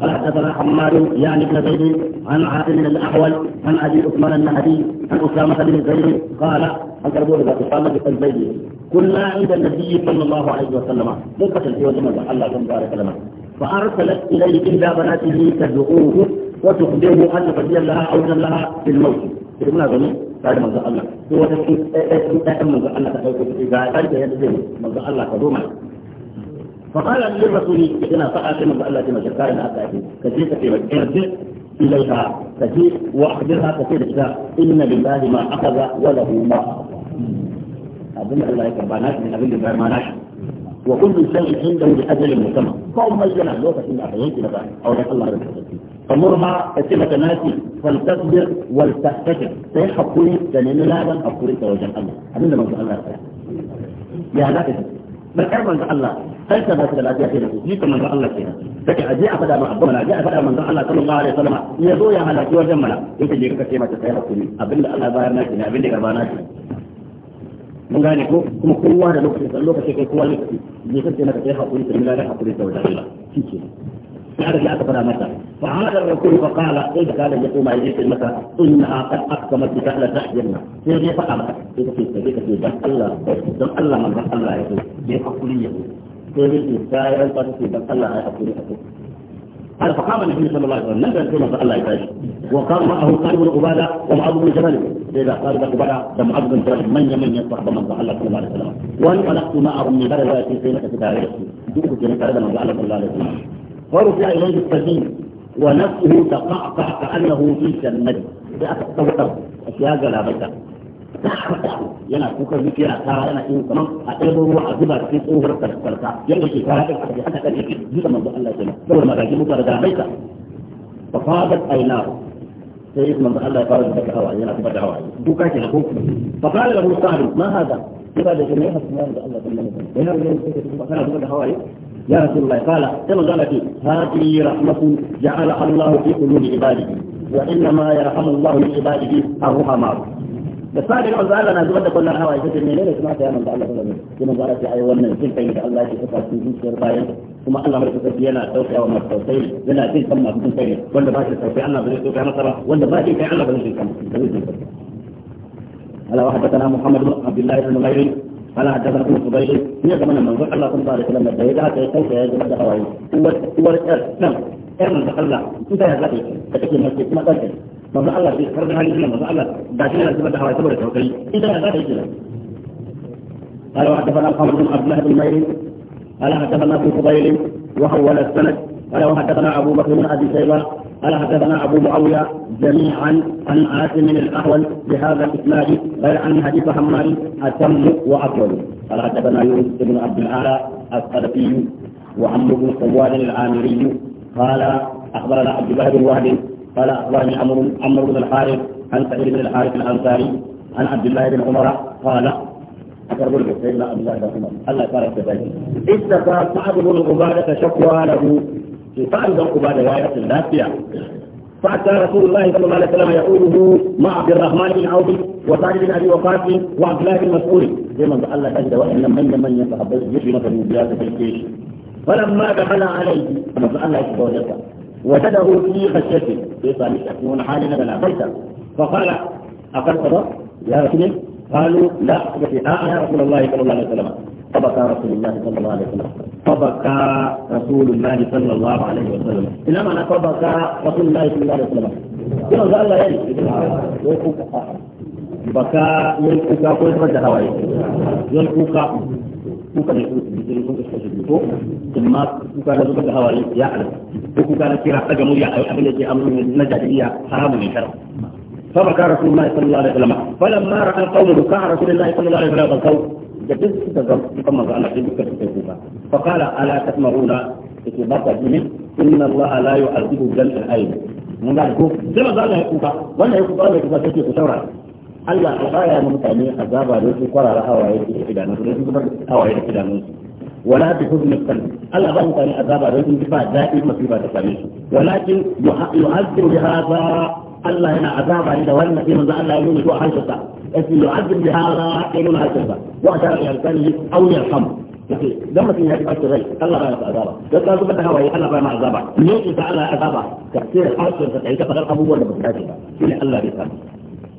قال حدثنا حماد يعني بن زيد عن عاصم الاحول عن ابي عثمان النهدي عن اسامه بن زيد قال أقربوا إلى أسامة بن زيد كنا عند النبي صلى الله عليه وسلم مدة في وجه الله تبارك لنا فأرسلت إليه إحدى بناته تدعوه وتخبره أن تبين لها أو لها في الموت يقولون هذا بعد ما الله هو تكون تأمل الله تكون إذا كانت يدعو ما الله فقال للرسول إذا فعلت كما قال لك مجد كان أتاكي كثير كثير ارجع إليها كثير وأخبرها كثير إذا إن لله ما أخذ وله ما أخذ أظن الله يكربانات من ما البرمانات وكل شيء عنده لأجل مسمى فهم مجدنا لوكة إلا أخيانك لك أو رسول الله رب فمرها كثيرة ناسي فلتصبر ولتحتجر سيحقوني سنين لابا أقولك توجه الله أبن الله يا ذاك bai kai manzo Allah sai ka baka da lafiya kai da su ni kamar Allah kenan take aje a fada ma abban aje a fada manzo Allah sallallahu alaihi wasallam ya zo ya halaki wajen mana yake je ka ce mata kai hakuri abinda Allah bayar naki ne abinda gaba naki mun gane ko kuma kowa da lokacin sa lokacin kai kowa ne je ka ce mata kai hakuri da mila da hakuri da wajen Allah shi kenan هذا لا تفرى متى فعاد الرسول فقال إذا كان يقوم إليك المساء إنها قد أقسمت بك لا تحجبنا سيدي فقال إذا كنت بك في دم الله دم الله من دم الله يقول بحقولية سيدي إسرائيل فتسي دم الله يحقولي قال فقام النبي صلى الله عليه وسلم نزل كما الله يتعيش وقام معه قال بن عباده ومعاذ بن جبل اذا قال بن عباده ومعاذ بن جبل من يمن يصح من الله صلى الله عليه وسلم وانطلقت معهم من بلد في سيره كتابه يقول كنت على من الله صلى الله عليه وسلم ورفع إليه السجين ونفسه تقعقع كأنه في جمد يا أفضل طبطر أشياء جلا بيتا ينا كوكا بيكي أسارا ينا إيه كمان أقربه روح أجيبها رسيس أوه رفتا رفتا ينا كي كارا بيكي حتى كان فقال له مستعرض ما هذا يبقى جميعها سنة من ذو يا رسول الله قال كما قالت هذه رحمة جعلها الله في قلوب عباده وإنما يرحم الله من عباده الرحماء الصادق قال لنا زبد قلنا هوا يسجد من ليلة ما في أمر الله كلهم كما قالت أي ون سلفا إن الله في حفظ في جنس الرباية ثم الله يسجد فينا التوفي أو مرة لنا سين سمى في جنس الرباية وأن باشر التوفي أنا بلد توفي أنا ترى وأن باشر في أنا بلد توفي أنا على واحد تنام محمد بن عبد الله بن غيره على حدثنا ابن قبيش هي زمن المنظور الله صلى الله عليه وسلم حتى يدعى كيف يا جماعه هواي هو هو نعم اعمل تقلع انت يا زكي تكفي المسجد ما تنسى ما الله في فرض هذه الجنه ما الله بعدين لازم ده هواي تبرك اوكي انت يا زكي قال وحدثنا القمر بن عبد الله بن ميري قال حدثنا ابن وحول السند قال وحدثنا ابو بكر بن ابي سيبان قال حدثنا ابو معاويه جميعا عن عاصم الاحول بهذا الاسناد غير عن حديث حماد اتم واطول قال حدثنا يونس بن عبد الاعلى السلفي وعمرو بن صواد العامري قال اخبرنا عبد الله بن وهب قال اخبرني عمرو عمرو بن الحارث عن سعيد بن الحارث الانصاري عن عبد الله بن عمر قال أقرب لك سيدنا عبد الله بن عمر الله يبارك فيك كان صعب بن عبادة شكوى له to sa'an بعد غاية da فأتى رسول الله صلى الله عليه وسلم يقوله مع عبد الرحمن بن عوف وسعد بن ابي وقاص وعبد الله بن مسعود زي ما قال لك انت وان من من يتحبس يجري مثلا من بلاد في الجيش فلما دخل عليه كما قال لك زوجته وجده في خشيته في إيه صالح يكون حالنا بلا بيتا فقال اقد صدق يا رسول قالوا لا يا رسول الله صلى الله عليه وسلم فبكى رسول الله صلى الله عليه وسلم فبكى رسول الله صلى الله عليه وسلم إلى معنى فبكى رسول الله صلى الله عليه وسلم كما قال الله يعني بكى يلقوك كل فرد هواي يلقوك kuka da kuka kuka kashe ko amma يقول da zuba da hawaye ya halaka ko kuka da kira daga murya فبكى رسول الله صلى الله عليه وسلم فلما راى القوم بكاء رسول الله صلى الله عليه وسلم فقال ألا تسمعون إتباط الجميع إن الله لا يعذب جمع الأيب من ذلك كما قال يكوبا وأن يكوبا أمم لا يكوبا شكي كتورا ألا أخايا ممتعني أذابا لكي قرى لها وعيد إحدانا وعيد إحدانا ولا بحزن القلب ألا ممتعني أذابا لكي قرى دائما في بعد ولكن يعذب بهذا الله هنا عذاب عند ولنا في من الله يقول شو حاجتك اسم يعذب بهذا حتى يقول هالجبه وقتها يرتلي او يرحم لما تيجي هذه بس غير قال الله رأيت عذابه قلت له بدك هواي قال الله ما عذابه ليش تعالى عذابه تفسير الحاشر فتعيش فقال أبوه ولا بس هذا الله يسامح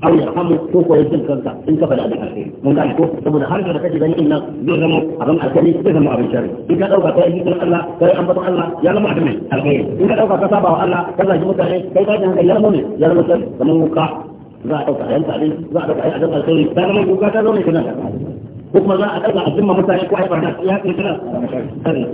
أو يرحمه كوكو يجب كذا إن كفل هذا الحسين من قال كوكو تبدأ خارج لك جبني إن بيغمو أغم أسلي بيغمو أبن شر إن كان أوقع كوي يجب الله كوي أنبط الله يا لما أحمي الخير إن كان أوقع كتابة الله كذا يجب كذا كي كان يا لما أحمي يا لما أحمي ذا أوقع ينفع لي ذا أوقع يعجب الخير ذا لما يقع كذا ونكنا kuma za a ɗaga a zimma mutane ko haifar na ya kai kana sanin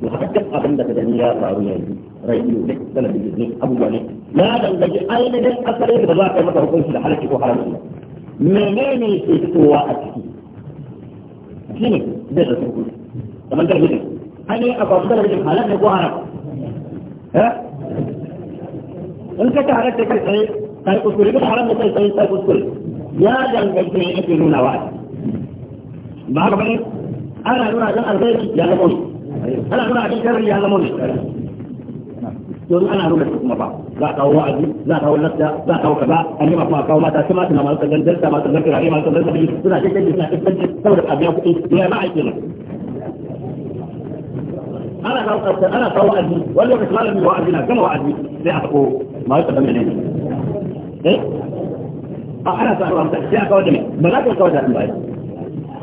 to haka duk abin da ka gani ya faru yanzu rayu ne sanadin ne abubuwa ne ya dangaji ainihin asalin da za ka yi masa hukunci da halaki ko haramci menene ke fitowa a ciki shi ne zai da sauƙi kamar talabijin ainihin akwai talabijin halar ne ko haram in ka ta halar ta kai tsaye kai kuskure duk haram da kai tsaye kai kuskure ya dangaji ne ake nuna wa a ciki ba haka bane ana nuna dan alkhairi ya zama ne ana nuna dan sharri ya zama ne don ana nuna su kuma ba za ka kawo wa'azi za ka kawo lafiya za ka kawo kaza an yi mafi kawo mata sai mata na masu gangan ta masu gangan rayu masu gangan biyu suna ce kai suna kasance saboda abiya kuɗi da ya ba aiki ne ana kawo kasar ana kawo wa'azi wani lokaci malami wa'azi na gama wa'azi sai a tako masu gangan ne eh a ana sa ruwan ta sai a kawo da ne ba za ka kawo da ba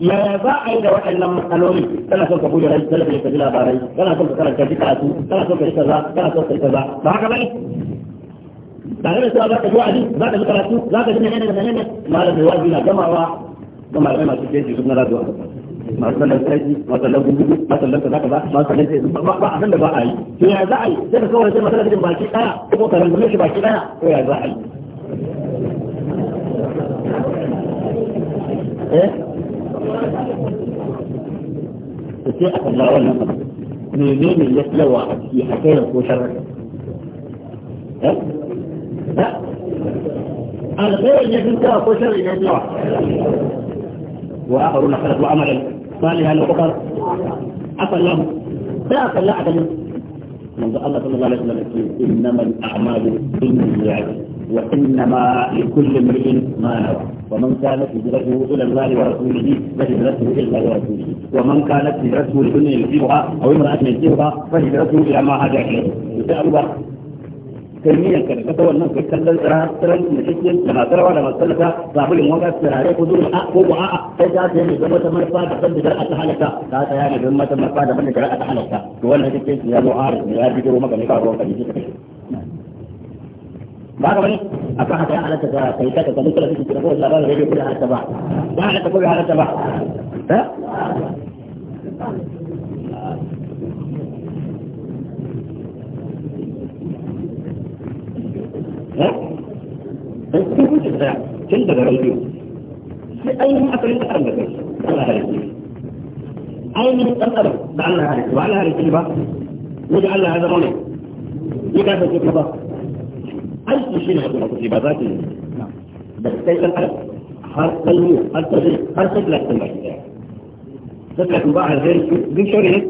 ya za a yi da waɗannan matsaloli kana son ka buɗe rai kana son ka ji labarai kana son ka karanta ji karatu kana son ka yi kaza kana son ka yi kaza ba haka bane tare da cewa za ka ji wa'azi za ka ji karatu za ka ji menene da menene malam mai wa'azi na gamawa ga malamai masu keji su na rajuwa masu sallan sarki masu sallan gungudu masu sallan kaza kaza masu sallan sai ba ba abin da ba a yi to ya za a yi sai ka kawai sai masallacin baki daya ko ka rungume shi baki daya ko ya za a yi eh sai a kalla wannan abu menene ya yawa a ciki hakayen ko sharar الخير يجب كره كل واخرون خلقوا عملا صالحا وكفر عفى الله لا عفى الله عدم من الله صلى الله عليه وسلم انما الاعمال بالنيات وانما لكل امرئ ما نوى ومن كانت هجرته الى الله ورسوله فهجرته الى الله ورسوله ومن كانت هجرته لدنيا يصيبها او امراه يصيبها فهجرته الى ما هاجر اليه يسال الله كمية كان كتب الناس كتب ترى مشكل لما ترى ولا ما تلقى صاحب الموقع ترى كذور الحق هو عاء تجا تاني بما تمر فاد بند جرأة حالك تا تاني بما تمر فاد بند جرأة حالك ولا تكتب يا معارض يا بيجرو ما كان يقارو كان يجيك ba ga wani a kan haka ya halatta ka kai ta ka duka lafiya da kowace labarin da yake kula halatta ba ba halatta ko ya halatta ba dan cikin kuce da tun daga rediyo sai ainihin asalin da kan daga Allah halittu ainihin dan adam da Allah halittu ba Allah halittu ba wajen Allah ya zama ne ya kasance ka ba ألف شيء هذا في نعم بس كيف الألف حرق المو حرق الزيت حرق لك تنبعي تسلح تنبع هذين من شوري هيك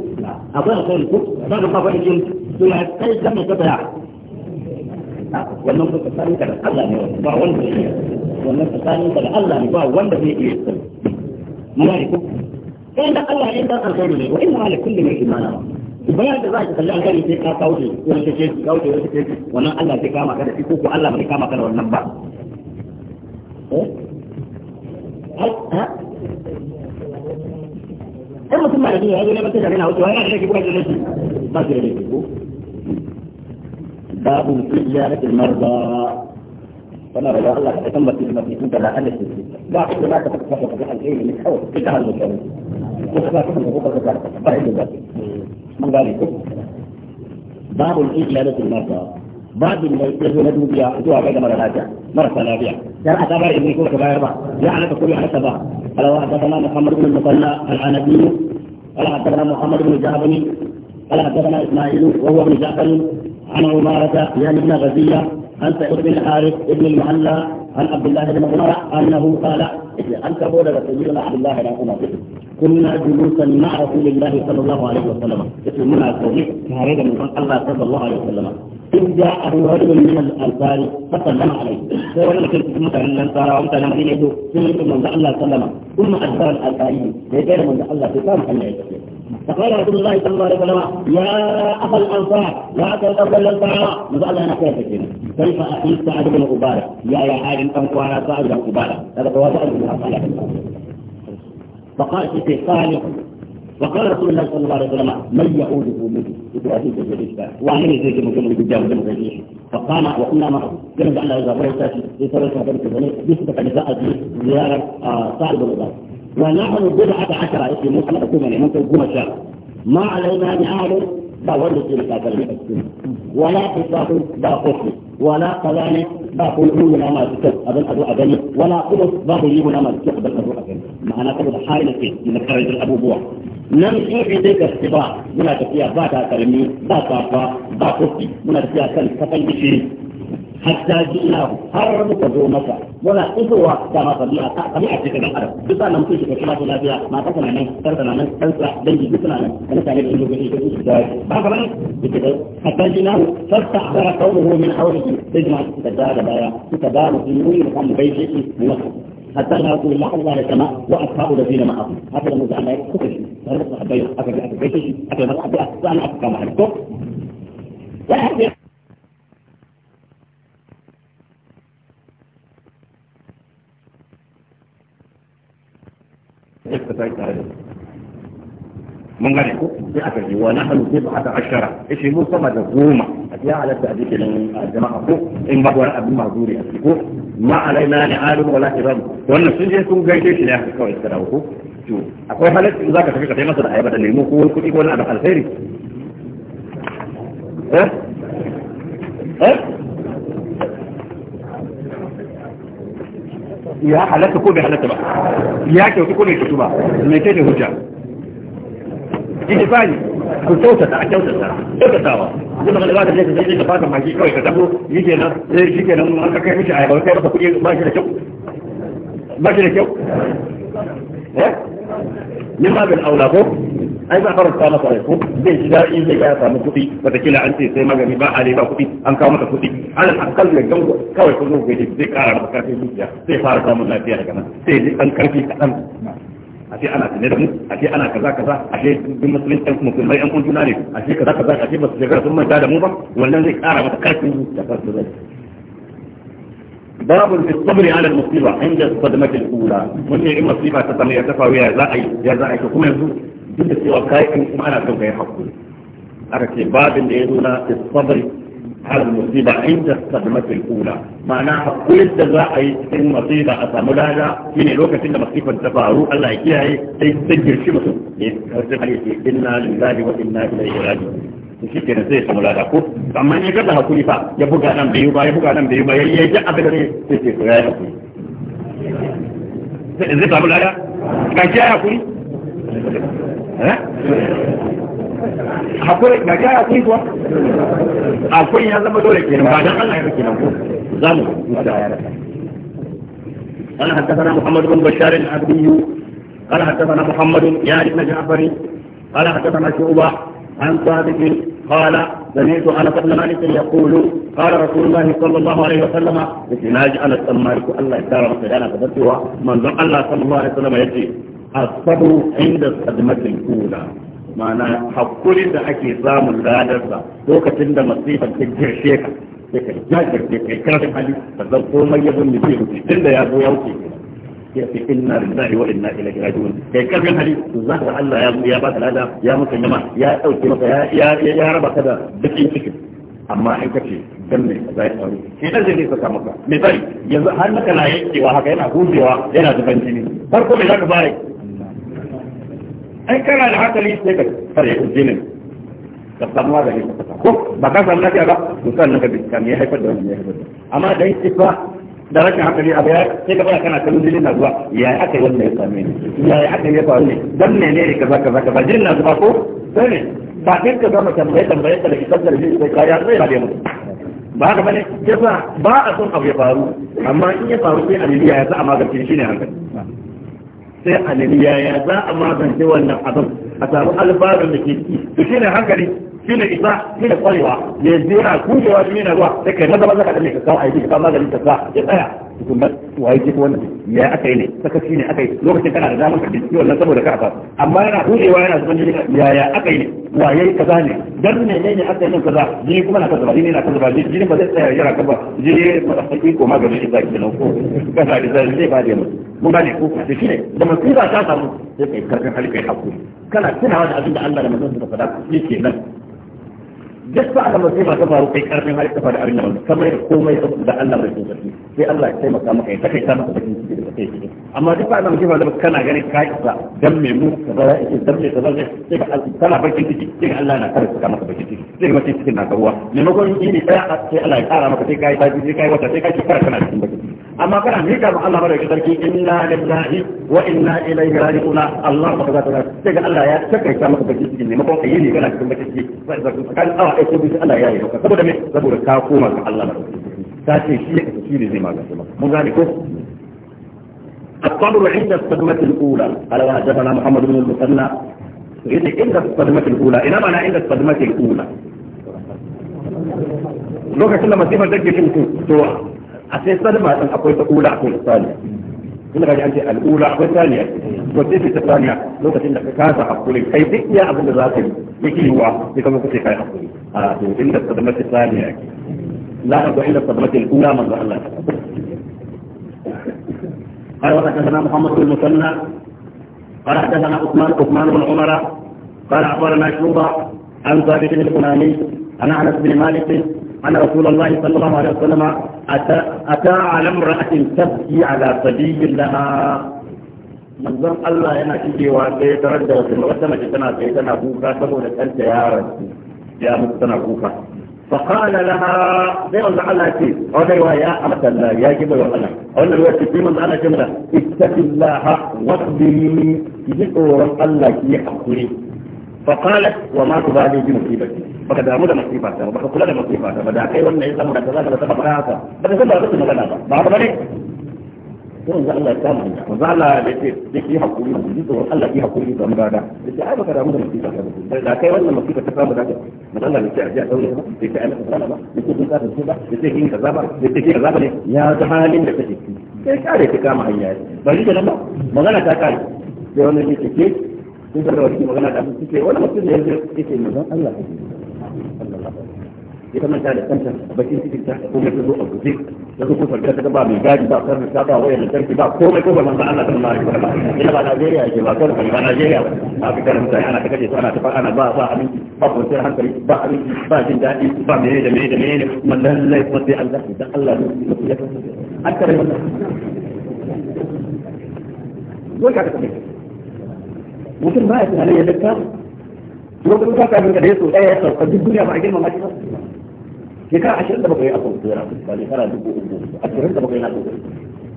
أضغط هذين الكوك بعد ما فعل جنب تقول لها كيف لم يتبع والنفس الثاني كان ألا نبع وند في إيه والنفس الثاني كان ألا نبع وند في إيه ملاحكم إن الله عند الخير لي وإن على كل ما يجب ما ت bayan da za ka kalli an gani sai ka kauce wani kake kauce wani kake wannan Allah sai kama ka da shi ko ko Allah bai kama ka da wannan ba eh mutum mai ya zo ne mutum da yana wuce wani da ke buƙatar da shi ba shi da shi ko babu ziyaratul marda wannan da Allah ka san bakin mafi tun da Allah shi ba ku da ka tafi ka tafi alheri ne kawai kika halin da ku ko ka ka ka ba da ba من باب الإجلالة المرضى باب يزول دوبيا زوا بعد مرة راجع مرة ثلاثية جرى أتابع ابن كوك باير با جعل تقول على سبا قال حدثنا محمد بن المطلع العنبي قال حدثنا محمد بن جابني قال حدثنا إسماعيل وهو ابن جعفر عن عمارة يعني ابن غزية أنت سعيد بن الحارث بن المهلى عن عبد الله بن عمر أنه قال أنت هو سيدنا عبد الله بن عمر كنا جلوسا مع رسول الله صلى الله عليه وسلم يقول منا كوني كهريدا من الله صلى الله عليه وسلم إذ جاءه رجل من الأنصار فسلم عليه فقال لك مثلا الأنصار ومثلا من ثم سيد من الله سلم ثم أنصار الأنصاري لكن من الله سلم عليه فقال رسول الله صلى الله عليه وسلم يا أبا الأنصار لا تتولى الطعام مثلا أنا كيف كيف أخيك سعد بن عبادة يا يا حاج أنت وأنا سعد بن عبادة هذا هو سعد بن عبادة فقالت في صالح وقال رسول الله صلى الله عليه وسلم من يعوده منه يتواجد بالجيش وعليه زي كما كنا بالجاه وكما زي فقام وقلنا معه كما قال اذا بريت يترك ذلك الزمن يثبت لزاء زياره آه، صاحب الغزاه ونحن بضعة عشرة اسم مسلم حكومة ممكن حكومة شهر ما علينا من أهل لا ولد في ولا قصاص لا قتل ولا قلال ba ko ruhu na masu kyau abin a zo a gani wala kuma ba ko ruhu na masu kyau abin a zo a gani ma'ana saboda halin ke na karantar abubuwa nan in in dai gaske ba muna tafiya ba takalmi ba safa ba kofi muna tafiya kan kafan gishiri حتى جئناه هر متزو ولا إذوا كما طبيعة طبيعة شكل الحرب بس أنا ممكن شكل كما تقول فيها ما تسمع من تسمع من تسمع بنجي بسمع من أنا سألت إنه بيجي بيجي بعد ما بكده حتى جئناه فاستحضر قومه من حوله تجمع تدار بايا تدار في نور محمد بيجي من حتى لا يقول الله الله لسماء واصحاب الذين معه هكذا موزع ما يكتب هذا الصحابي اكل اكل بيت اكل مرحبا فانا اتقى محل ولا ka sake tare mun gane ko sai aka ji wa nahnu bid'ata ashara ishe mun sama da goma ya halatta a jikin jama'a ko in ba wani abin mazuri a ko ma alaina ne alim wala kiram wannan sun je sun gaishe shi ne haka kawai suka dawo ko to akwai halatta in zaka tafi ka taimaka da ayaba da lemo ko wani kuɗi ko wani abin alheri eh eh ya halatta ko bai halatta ba ya kyautu ko bai kyautu mai ce da hujja ikifani ku kyautata a kyautata kyautatawa da zai zai fata maki kawai a eh, masa ba ai ba faranta masa rai ko zai shiga daɗi zai ya samu kuɗi kila an ce sai magani ba a ba kuɗi an kawo masa kuɗi ala akal ne gan kawai ko zo gaji zai kara masa karfin zuciya zai fara samun lafiya daga nan sai ji ɗan karfi kaɗan ce ana tunai da mu a ce ana kaza kaza a ce duk musulmin ɗan musulmai ɗan kun juna ne ce kaza kaza a ce su shekara sun manta da mu ba wannan zai kara masa karfin zuciya karfin zuciya باب في الصبر على المصيبة عند الصدمة الأولى وإن المصيبة تتمي يتفاوي يا زائي يا زائي كما يزول duk da cewa kai in kuma ana son kai hakuri aka ce babin da ya zo na sabri hal musiba inda sadmatul ula ma'ana hakurin da za a yi cikin musiba a samu lada shine lokacin da masifar ta faru Allah ya kiyaye sai ta girshi mutum ne karshen hali ce inna lillahi wa inna ilaihi raji'un shi ke da zai samu lada ko amma ya gaza hakuri fa ya buga nan bai ba ya buga nan bai ba ya ji abin da sai ce ya hakuri zai samu lada ka ya hakuri akwai ga kai akwai kuwa akwai ya zama dole kenan ba dan Allah ya kenan ko zamu mutu ya rasa قال حدثنا محمد بن بشار العبدي قال حدثنا محمد يا ابن جعفر قال حدثنا شعبة عن ثابت قال سمعت انس بن مالك يقول قال رسول الله صلى الله عليه وسلم لا جعل السمارك الله يدار مثل انا فدرتها من الله صلى الله عليه وسلم يجري الصبر عند الصدمة الأولى معنى حقولي ده أكي سام الغادرة لوكة عند مصيبة تجير شيكا تجير شيكا تجير حالي فالذل قوما يظن يجير عند يا أبو يوتي يأتي إنا لله وإنا إليه راجعون كي كم يحلي الظهر الله يا بات الأدى يا مسلمة يا أوتي يا يا رب كذا بكي فكر amma in kace dan me za ya faru shi dan zai saka maka me bari yanzu har maka na yankewa haka yana gujewa yana zuban jini farko me za ka fara in kana da hankali sai ka kare jinin ka samu da ne ko ba ka samu lafiya ba to kan naka bincika me ya haifar da wannan ya haifar da amma da yake fa da rashin hankali a baya sai ka fara kana kallon jinin na zuwa ya aka yi wannan ya same ni ya aka yi ya faru ne dan menene kaza kaza kaza jinin na zuwa ko sai ne ba kai ka zama tambaye tambaye ka da kitan da jinin sai ka sai ba da mutum ba haka bane yasa ba a son abu ya faru amma in ya faru sai a bibiya ya sa a magance shi ne hankali sai a nemi yaya za a magance wannan abin a samu albarun da ke to shine hankali shine isa shine kwarewa ya zira kujewa shi ne ruwa sai kai maza maza ka dame ka kawo aiki ka kawo magani ka sa ya tsaya kuma waye ji wannan ya aka yi ne sakaci ne aka yi lokacin kana da damar ka dinki wannan saboda ka fara amma yana hudewa yana zuban jini ya ya aka yi ne waye kaza ne dan ne ne ne aka yi nan kaza jini kuma na kaza ba jini na kaza ba jini ba zai tsaya yana kaza jini ba ta ki ko magani da ki nan ko kaza da zai ba da mu mun gane ko da shi ne da musiba ta samu sai kai karfin halika ya hakuri kana tunawa da abin da Allah da manzon sa faɗa shi kenan duk sa'an da masifa ta faru kai karfin har ka faɗi abin da wani kamar komai da Allah bai so sarki sai Allah ya taimaka maka ya take ta maka bakin ciki da kai ciki amma duk sa'an da masifa da kana ganin ka isa dan me mu ka zara yake dan me ka zara sai ka kana bakin ciki sai Allah na karanta ka maka bakin ciki sai ka cikin na ruwa maimakon yi ne sai Allah ya kara maka sai kai baji sai kai wata sai kai ki kana cikin bakin ciki amma kana mika ma Allah baraka sarki inna lillahi wa inna ilaihi raji'un Allah ka zata sai ga Allah ya take ka maka bakin ciki maimakon kai ne kana cikin bakin ciki sai ka aiki bi Allah ya yi maka saboda me saboda ka koma ga Allah ta ce shi ne shi ne zai magance maka mun gane ko الصبر عند الصدمة الأولى على حدثنا محمد بن المثنى عند الصدمة الأولى إلى معنى عند الصدمة الأولى لو كان لما تفهم تجي في to a sai sadma din akwai ta kula akwai tsali tun da an ce al'ula akwai saniya wacce ce ta saniya lokacin da ka kasa hakuri kai duk iya abin da za ka yi yake yiwa sai kuma kace kai hakuri a to inda sadama ta saniya la abu inda sadama ta al'ula manzo Allah قال وحدثنا محمد بن المثنى قال حدثنا عثمان عثمان بن عمر قال اخبرنا شعبه عن ثابت الكناني عن انس بن مالك أن رسول الله صلى الله عليه وسلم أتى على امرأة تبكي على صبي لها منظم الله أنا كنتي وعلي ترجع وسلم وسلم جتنا سيدنا أبوك سبو أنت يا رسي يا مستنى أبوك فقال لها زي إيه الله على شيء أولي ويا أمت الله يا جبل وقنا أولي ويا شيء من أنا جملة اتك الله واخبري يجب أورا الله كي أخبري فقالت وما تبالي بمصيبتي baka damu da masifa ta baka kula da masifa ta ba da kai wannan ya samu da kaza kaza ta ba haka ba da zama rubuta magana ba ba haka bane to yanzu Allah ya samu ya manzo Allah ya ce yake hakuri ji to Allah ya hakuri da murada yace ai baka damu da masifa ta da kai wannan masifa ta samu da ka manzo Allah ya ce a ji a daure ba yace ai maka ba yace kin ka da ba yace kin kaza ba yace kin kaza ba ne ya ga halin da kake ciki sai kare ta kama hanya ba ni da ba magana ta kare sai wannan yake ke sun da wani magana da su ce wani mutum ne ya ce yake manzo Allah ya ce ya manta da kanta bakin cikin ta ko mai zo a guje da su kofar ta ba mai gadi ba karni ta ba wayar lantarki ba ko mai kofar manzo Allah sallallahu alaihi wasallam ina ba Najeriya yake ba kar ba Najeriya ba ka karanta ana ta kace ana ta ana ba ba abin ba ko sai hankali ba abin ba jin dadi ba me da me da me man dan lai ko sai Allah da Allah ya akare wannan wai ka kace mutum ba ya tunanin yadda ka lokacin ka kafin ka da ya so ɗaya ya sauka duk duniya ba a girmama shi ba shekara ashirin da bakwai ya akwai tura ba shekara dubu uku ashirin da bakwai na dubu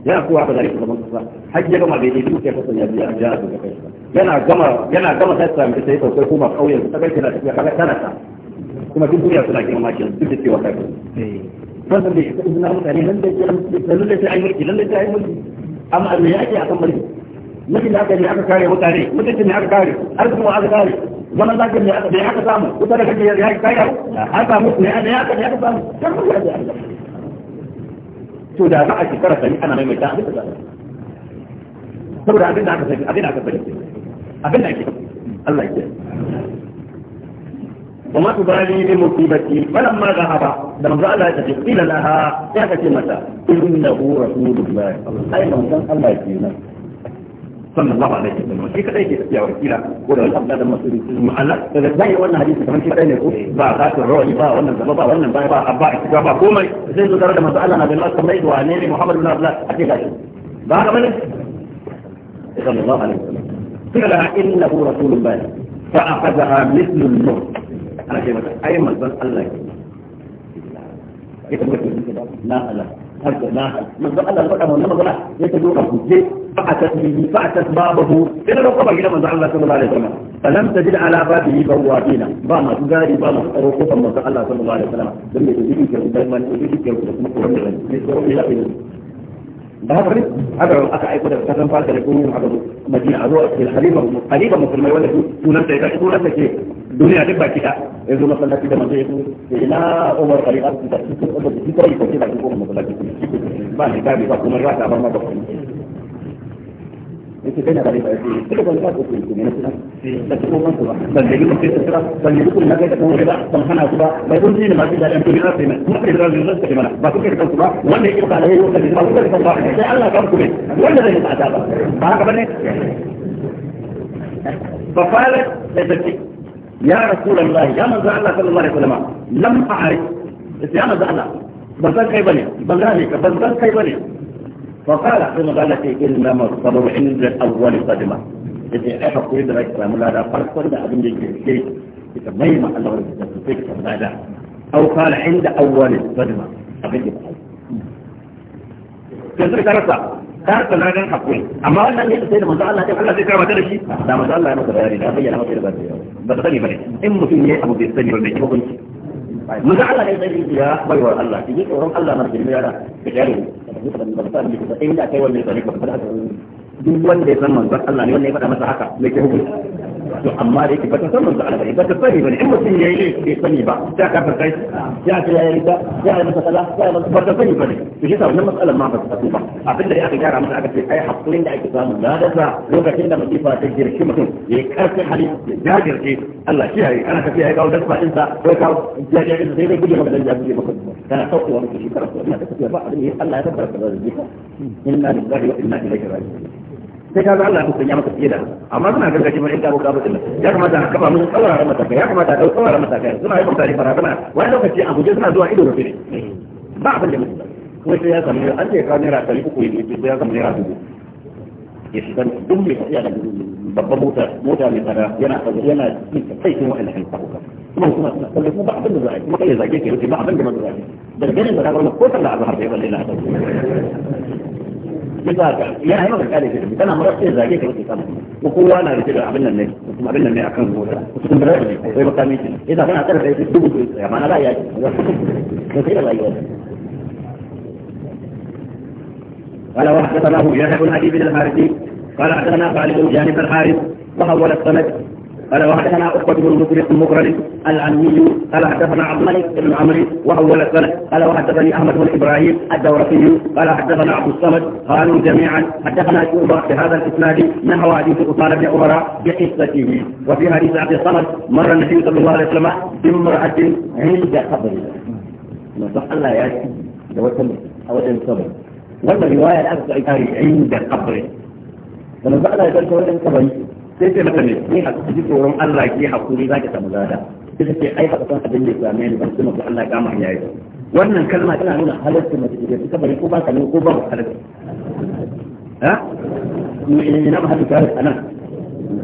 yana kowa ba zai kuma kusa hajji ya gama da yake duka ya fasa ya biya ya zo kai yana gama yana gama sai sai sai sai kuma kauyen ta kai tana tafiya kaga tana ta kuma duk duniya suna girma shi duk da cewa kai wannan da shi ina mutane nan da ke nan da sai ai mulki nan da sai ai mulki amma me yake akan mulki mulki da aka ne aka kare mutane mutuncin ne aka kare arziki aka kare zaman zaka ne aka ne aka samu wuta da kake ya kai da an samu ne ne aka ne aka samu kan mu da to da za a shekara sani ana mai ta abin da saboda abin da aka sani abin da aka sani abin da ake Allah ya وما تبالي بمصيبتي فلما ذهب لما قال لها قيل لها يا كتمة إنه رسول الله أي من كان الله يكفينا صلى الله عليه وسلم وشيك ليس يا وكيلة ولا الحب هذا المسؤول المحلة فلا يولنا حديث كمان شيء تاني يقول بعضات الرعي با ولا الزلطة ولا الباي با أبا إستقاء با كومي زين ذو درجة مسألة نبي الله صلى الله عليه وسلم محمد بن عبد الله أكيد هذا بعد من صلى الله عليه وسلم قال إنه رسول الله فأخذها مثل النور أنا شيء مثلا أي مثل الله كيف تقول لا الله أرسلناها من ذا الله فقط من ذا يتجوه الجيء فأتت به فأتت بابه إلى رقبة إلى من ذا الله صلى الله عليه وسلم فلم تجد على بابه بوابين باما تجاري باما رقبة من ذا الله صلى الله عليه وسلم لم يتجد كيف دائما يتجد كيف تسمى كيف تسمى كيف تسمى da haka ne haka aka aiko da kasan farka da kuma haka madina a zuwa cikin halifa halifa musulmai wanda sunan sai kai sunan take duniya duk baki da yanzu masallaci da manzo yaku ina umar khalifa da su da su kai ko da su masallaci ba ne da ba kuma rata ba ma ba يا رسول الله يا من زعل الله صلى الله عليه وسلم لم أعرف يا من زعل الله بني بلغت بلدان بني فقال ابن غلطي إلا مصبر عند أول قدمة إذا أحق إدرك فملادا فرقنا أبن جيد شيء إذا ميمة الله رجل تفك فملادا أو قال عند أول قدمة أبن جيد شيء كنت رسا كانت تنرى أن حقوي أما أن أن يتسير مزال الله تفعل ذلك ما تلشي لا مزال الله ما تبعي لا بيانا ما تلبي بس تلبي بس إن مسلمي أبو بيستني ومسلمي mun ga Allah ne sai rijiya bai wa Allah ki ji tsoron Allah mar girma yara da yaro da ba ni da inda kai wannan da ne ba duk wanda ya san manzon Allah ne wanda ya faɗa masa haka ne ke hukunta to amma da yake baka san manzo Allah bane baka sani bane in mutum yayi ne bai sani ba ta ka farkai ya ta yayi rida ya yi masa kaza ya yi masa baka sani bane to shi sa wannan matsalar ma ba ta tafi ba abin da aka gyara masa aka ce ai hakurin da ake samu na da sa lokacin da masifa ta girki mutum ya yi karfin hali ya jajirce Allah shi yayi ana tafiya ya kawo dasfa din sa ko kawo jajirce sai dai guje maka dan jajirce maka kana sauƙowa maka shi karatu ina da tafiya ba abin Allah ya tabbata da zika inna lillahi wa inna ilaihi raji'un sai ka ga Allah ya sanya maka fiye da amma suna gargaje mai ka boka bakin ya kamata a kafa musu tsawara matakai ya kamata a tsawara matakai suna yi mutane barazana wani lokaci a guje suna zuwa ido rufe ba abin da mutum kuma sai ya samu an ce ka naira ɗari uku ne sai ya samu naira dubu ya shiga duk mai tafiya da babban mota mota mai tsada yana yana sai kin wa'annan kan sabuka kuma kuma kuma kuma ba abin da za a yi kuma kai ya zage ke rufe ba abin da za a yi daga ganin da ka ko sallah azhar bai balle na ya ga ka ya yi maka kare shi kana mura sai zage ka wasu kama ko kowa na rike da abin nan ne kuma abin nan ne akan gora kuma da rabi sai baka miki idan kana tsara sai dubu ya mana da ya ne sai da rayuwa قال وحدثناه يحيى بن ابي بن الحارثي قال حدثنا خالد بن جانب الحارث وحول السند قال وحدثنا أخوة بن مقرن العلوي قال حدثنا عبد الملك بن عمرو وهو السند قال وحدثني أحمد بن إبراهيم الدورقي قال حدثنا عبد الصمد قالوا جميعا حدثنا شعبة بهذا الإسناد نحو حديث أسامة بن عمر بقصته وفي حديث عبد الصمد مر النبي صلى الله عليه وسلم بامرأة عند قبره ما الله يأتي لو تمر أو والله روايه الأكثر عند قبره فمن الله يقول لك sai ce mata ne ni a ji tsoron Allah ki hakuri zaki samu lada sai ta ce ai ba san abin da ya same ni ba kuma ga Allah ga mun yayi wannan kalma tana nuna halaccin mace da ta bari ko ba ka ko ba halacci ha ni na ba hadu kare ana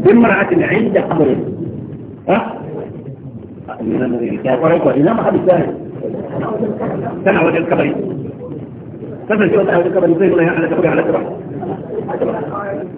bin mar'atin 'inda amri ha ya kwarai kwa ina ma hadu kare tana wajen kabari kasancewa ta wajen kabari zai nuna ya halaka ba halaka ba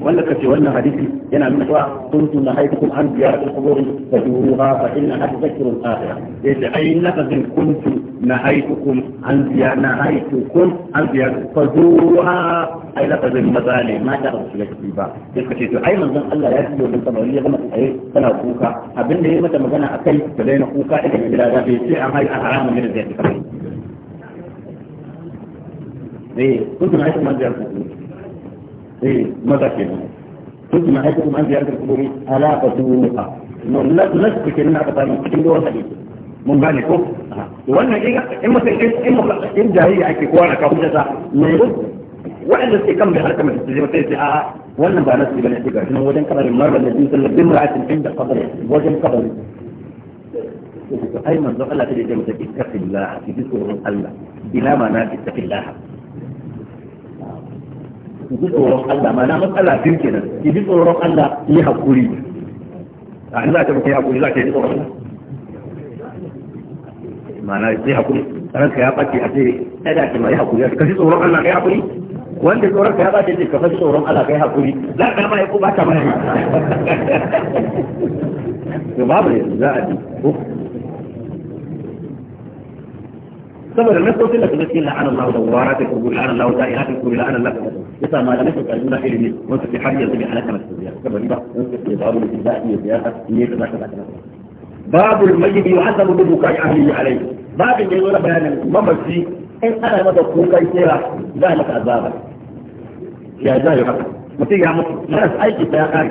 wanda kace wannan hadisi yana nuna cewa kuntu na haikukum an biya da kuburi fa duruha fa inna hadu zakrun akhira yace ai lafazin kuntu na haikukum an biya na haikukum an biya fa duruha ai lafazin mazali ma da rasu ya ci ba sai kace to ai manzon Allah ya ce wannan kamar ya gama ai tana kuka abinda yayi mata magana akai ta daina kuka idan gida da bai ce an hai a haramun ne da zai ta kai eh kuntu na haikukum an biya eh maza ke nan duk ma aika kuma an ziyartar kuburi alaƙatu nufa nasu ke nuna aka samu cikin doron hadisi mun gane ko wannan in mutum in mutum in jahiliya ake kowa na kawo jasa mai waɗanda suke kan bai harkar mai sai sai a wannan ba nasu bane ga nan wajen kabarin marbar da jinsin labbin ra'atin inda kabarin wajen kabarin ai manzon Allah ta je mutum ittaqillah ki tsoron Allah ina ma na ittaqillah ki ji tsoron Allah ma na matsala biyu kenan ki ji tsoron Allah yi hakuri a in za ka yi hakuri za ka yi tsoron ma'ana yi hakuri ranka ya bace a ce ya dace ma yi hakuri ka ji tsoron Allah kai hakuri wanda tsoron ka ya bace ce ka fa tsoron Allah kai hakuri za ka ma ya ko ba ta ma to babu za a ji saboda na sosai da kuma cikin la'an Allah da wara ta kurbu la'an Allah ta ila ta kurbu la'an Allah ya sa ma da nake kai na ilimi wasu ke har yanzu bai halaka masu ziyara saboda ba wasu ke babu da za a iya ziyara ne ka zaka zaka babu al-mayyit yuhasabu bi bukai ahlihi alayhi babu ne wani bayanin mamaci in ana masa kukan kira za a maka azaba ya za ya haka mutum ya mutu na aiki ta ya kare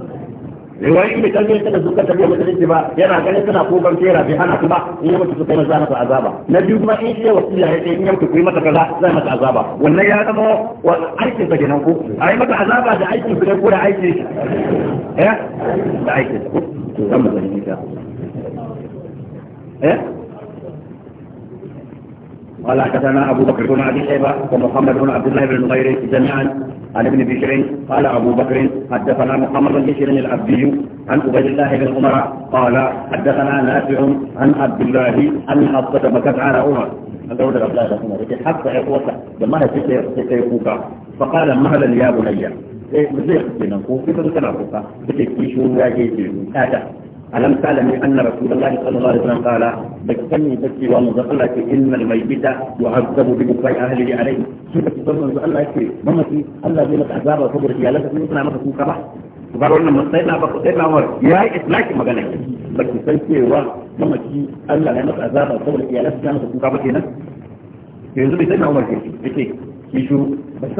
riwayoyin mai kalmi tana zuka tafiya musulunci ba yana ganin tana kokan kera bai hana su ba in ya mutu su kai maza masa azaba na biyu kuma in shi ya wasu ya ce in ya mutu ku yi masa kaza zai masa azaba wannan ya zama wa aikin sa kenan ko a yi masa azaba da aikin su ko da aikin shi eh da aikin sa to zan mu gani ta eh قال حدثنا ابو بكر بن ابي شيبه ومحمد بن عبد الله بن نمير جميعا عن ابن بشر قال ابو بكر حدثنا محمد بن بشر العبدي عن عبيد الله بن عمر قال حدثنا نافع عن عبد الله عن حصه مكه على عمر حتى يقول لما سيقوك فقال مهلا يا بني إيه، ألم تعلم أن رسول الله صلى الله عليه وسلم قال بكني بكي لك إن الميت وعذب بكفى أهله عليه شو بكي ضمن سؤال الله يكفي ممتي الله بينا تحزار وصبر يا لك سنوكنا ما تكون كبه فقالوا لنا مستيلا بخطير نور يا إسلاك ما قالك بكي سيكي و ممتي الله بينا تحزار وصبر يا لك سنوكنا ما تكون كبه هنا يوزو بيسينا عمر كيكي يشوف بس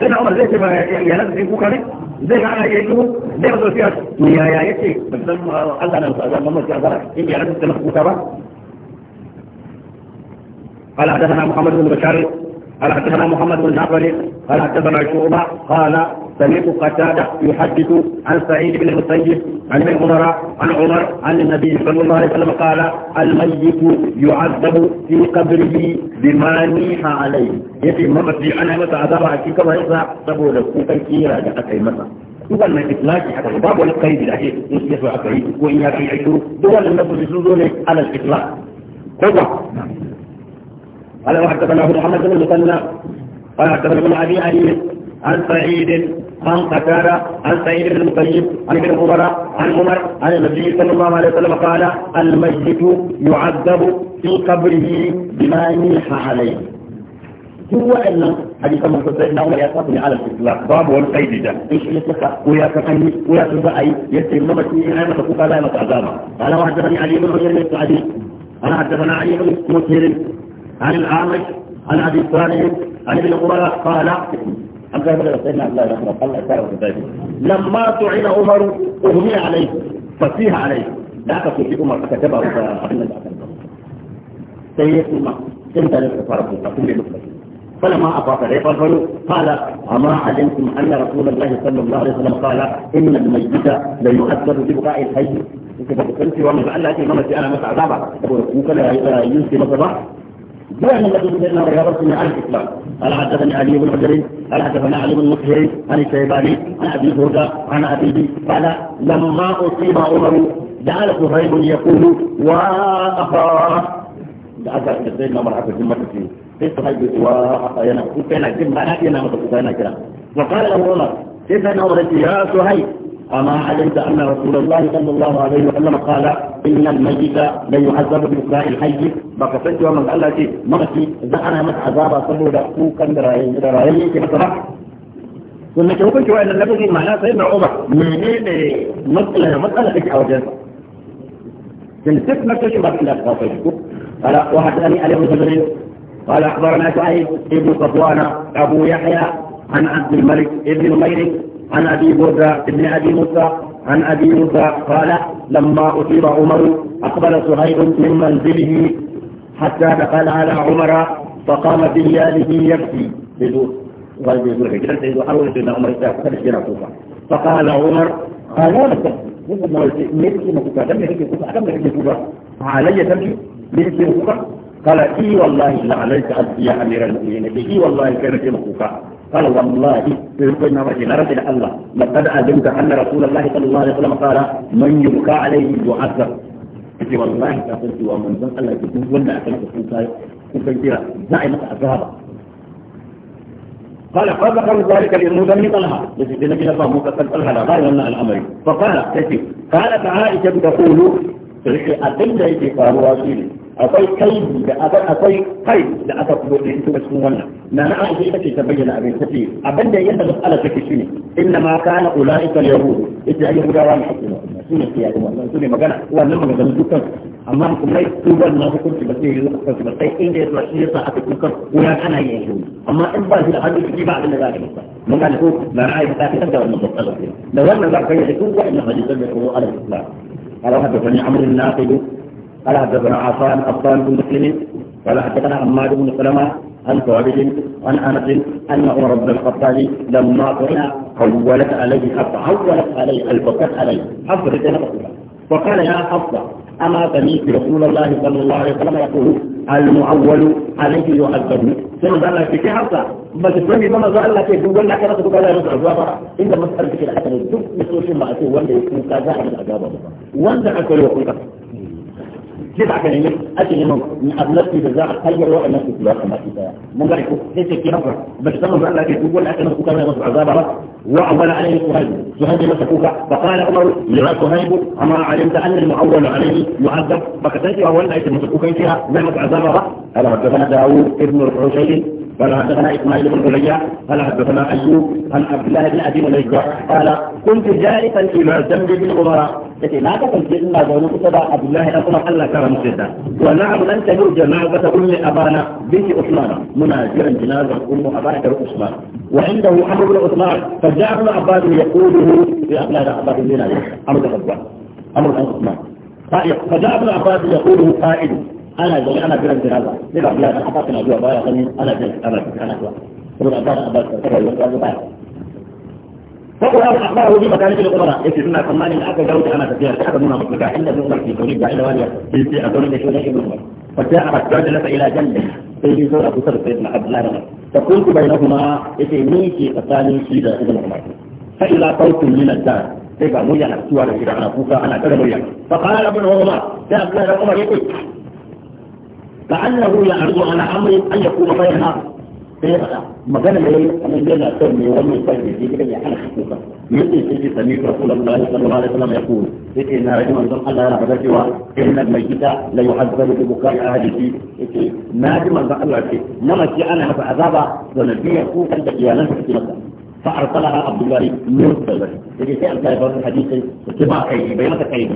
سيدنا عمر زي ما يا ناس عليك زي ما يجيبوك زي ما فيها يا يا يكفي بس لما قال انا لما قلت يا ناس انت مخبوطه قال حدثنا محمد بن بشار قال حدثنا محمد بن جعفر قال حدثنا شعبة قال سمعت قتادة يحدث عن سعيد بن المسيب عن ابن عمر عن عمر عن النبي صلى الله عليه وسلم قال الميت يعذب في قبره بما نيح عليه يتي ممتي انا متى عذاب في قبره سبو لكو كيرا لأكي متى duk wannan itlaki haka babu wani kaidi da ake in ya so aka yi ko in ya kai aiki duk wannan nafi su zo ne alal itlak ko ba قال وحدثنا ابو محمد بن المثنى قال حدثنا ابن ابي علي عن سعيد عن قتادة عن سعيد بن المسيب عن ابن عمر عن عمر عن النبي صلى الله عليه وسلم قال الميت يعذب في قبره بما نيح عليه هو ان حديث من سيدنا عمر يقصني على الاطلاق باب والقيد ده ايش يتلقى ويا تقني ويا تبعي يسير مبتي انا متفوق لا تعذبها قال وحدثني علي بن مسلم بن سعدي قال حدثنا علي بن مسلم عن الأعمش عن أبي صالح عن ابن عمر قال عبد الله بن سيدنا عبد الله بن لما طعن عمر أغمي عليه فسيح عليه لا تقل في عمر فكتبه فأحنا سيد سيدنا انت لست فرق كل فلما أفاق عليه قال أما علمتم أن رسول الله صلى الله عليه وسلم قال إن الميت ليؤثر ببقاء الحي كنت ومن فعل لك إمامة أنا مسعى بابا يقول يمكن ينسي مصباح بأن الذي بدأنا رياضتنا على الإسلام قال حدثني علي بن حجر قال حدثنا علي بن مصهر عن الشيباني عن أبي هريرة عن أبيه قال لما أصيب عمر جعل صهيب يقول وأخاه da aka da sai na mara aka jin mata ce sai su haibe wa yana kuka yana jin ba na yana mata kuka أما علمت أن رسول الله صلى الله عليه وسلم قال إن الميت لن يعذب بإسراء الحي بقصد ومن قال مرتي زعنا من عذاب صبودا كوكا درايين كما مصر كنا كوكا شوية أن النبي معناه سيدنا عمر منين مسألة مسألة في حوجة تنسف نفسك مسألة خاطئة قال وحدثني علي بن قال أخبرنا سعيد ابن صفوان أبو يحيى عن عبد الملك ابن نمير عن أبي بردة بن أبي موسى عن أبي موسى قال لما أصيب عمر أقبل سهيل من منزله حتى دخل على عمر فقام بياله يبكي يقول يقول عمر فقال عمر قال لا علي تمشي ملكي مكوفة قال إي والله لعليك ابكي يا أمير المؤمنين إي والله كانت مكوفة قال والله سيدنا رجل رب الله لقد اذنت ان رسول الله صلى الله عليه وسلم قال من يبكى عليه يعذب في والله تقلت ومن ذن الله يكون ولا اكلت في الكايه زعمت عذابا قال قال قال ذلك لمدمن طلحه لكي تنجي نفع مكتل طلحه لا غير ان الامر فقال تجي قالت عائشه تقول ابن يجي قال واسيري akwai kai da aka akwai kai da aka fito da ita cikin wannan na na aisha ita ce ta bayyana abin take abin da yadda mas'ala take shine inna ma kana ulaika yahud ita ayi gudawa ne ake magana shine ke yayi wannan sune magana wannan magana dukkan amma kuma mai su wannan hukunci ba sai yi hukunci ba sai inda ya shi yasa aka kuka wuya ana yin shi amma in ba shi da hannu shi ba abin da za ka yi mun gane ko na ra'ayi ta fitar da wannan mas'ala da wannan za ka yi duk wannan hadisan da ko al-islam قال حدثني عمرو الناقد قال حدثنا عفان أبطال بن مسلم قال حدثنا عماد بن سلمة عن ثابت عن انس ان عمر بن الخطاب لما قرأ حولت عليه حفصة حولت عليه البكت عليه حفصة فقال يا حفظ أما سمعت رسول الله صلى الله عليه وسلم يقول المعول عليه يعذب ثم قال في حفصة بس تفهمي ما قال لك يقول لك أنا تقول لك أجابة إن مسألة كده أكل الدب بسوشي ما أتوه وأنت يكون كذا أكل أجابة وأنت أكل وأنت جزء نعم. من أشي من أبلس في الزاغ أن لكن هو لا تنظر كما يمس عليه سهيب سهيب ما فقال أمر لرأى سهيب أما علمت أن المعول عليه يعذب فكتاتي وهو لا يتم فيها نعمت عذاب رأس ألا حدثنا داود ابن الحشيد قال حدثنا اسماعيل بن علي قال حدثنا ايوب عن عبد الله بن ابي مليكه قال كنت جالسا في جنب بن take na kasance ina zaune kusa da Abdullahi dan kuma Allah kara musu yadda wannan abu nan tabu jama'a ta ummi abana binti Usman muna jiran jinazar ummu abana da Usman wa indahu Amr ibn Usman fa ja'a ibn Abbas yaquluhu fi abna da Abbas bin Ali Amr ibn Abbas Amr ibn Usman fa ja'a ibn Abbas yaquluhu qa'id ana zaune ana jiran jinaza sai ga Abdullahi dan Abbas na zuwa baya sani ana jiran ana jiran ana zuwa saboda Abbas Abbas ta kai wani baya فقل هذا اخباره بمكانه القدراء يكفي سنه كمان ان اكل انا من الا الا الى في ابو سر سيدنا عبد الله بينهما إذا ميكي فقالي سيدنا ابن عمر فاذا صوت من الدار كيف مريا نفسها لكي انا انا كذا فقال ابن عمر يا عبد الله عمر يقول لعله يعرض على امر ان يكون خير sai faɗa magana da yayi kamar yana son ne wannan sai ne yake da hana shi kuka yake sai ji sami rasulullahi sallallahu alaihi wasallam ya ku yake na rajin manzon Allah yana faɗa cewa inna mayyita la yuhazzabu bi bukai ahadihi yake na ji manzon Allah ce mamaci ana masa azaba da nabiya ku kan da iyalansa suke masa فارسلها عبد الله بن مسلم يجي في امثال هذا الحديث اتباع قيد بينك قيد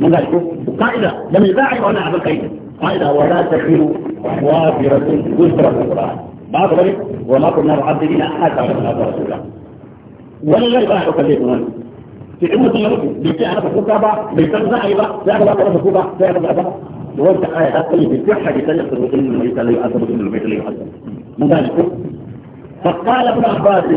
من ذلك وقاعده لم يباع وانا عبد القيد قال ولا تكن وافرة وزر القرآن ما ذلك وما كنا معذبين أحد حتى رسول رسولا ولا غير راح أكلمنا في علم التنبؤ بيتي أنا بفوتها بقى بيتي أنا أيضا زعي بقى أنا بفوتها زعي بقى وانت آية أقل في كل حاجة تانية في الرسول الميت لا يعذب ابن الميت لا يعذب من ذلك فقال ابن عباس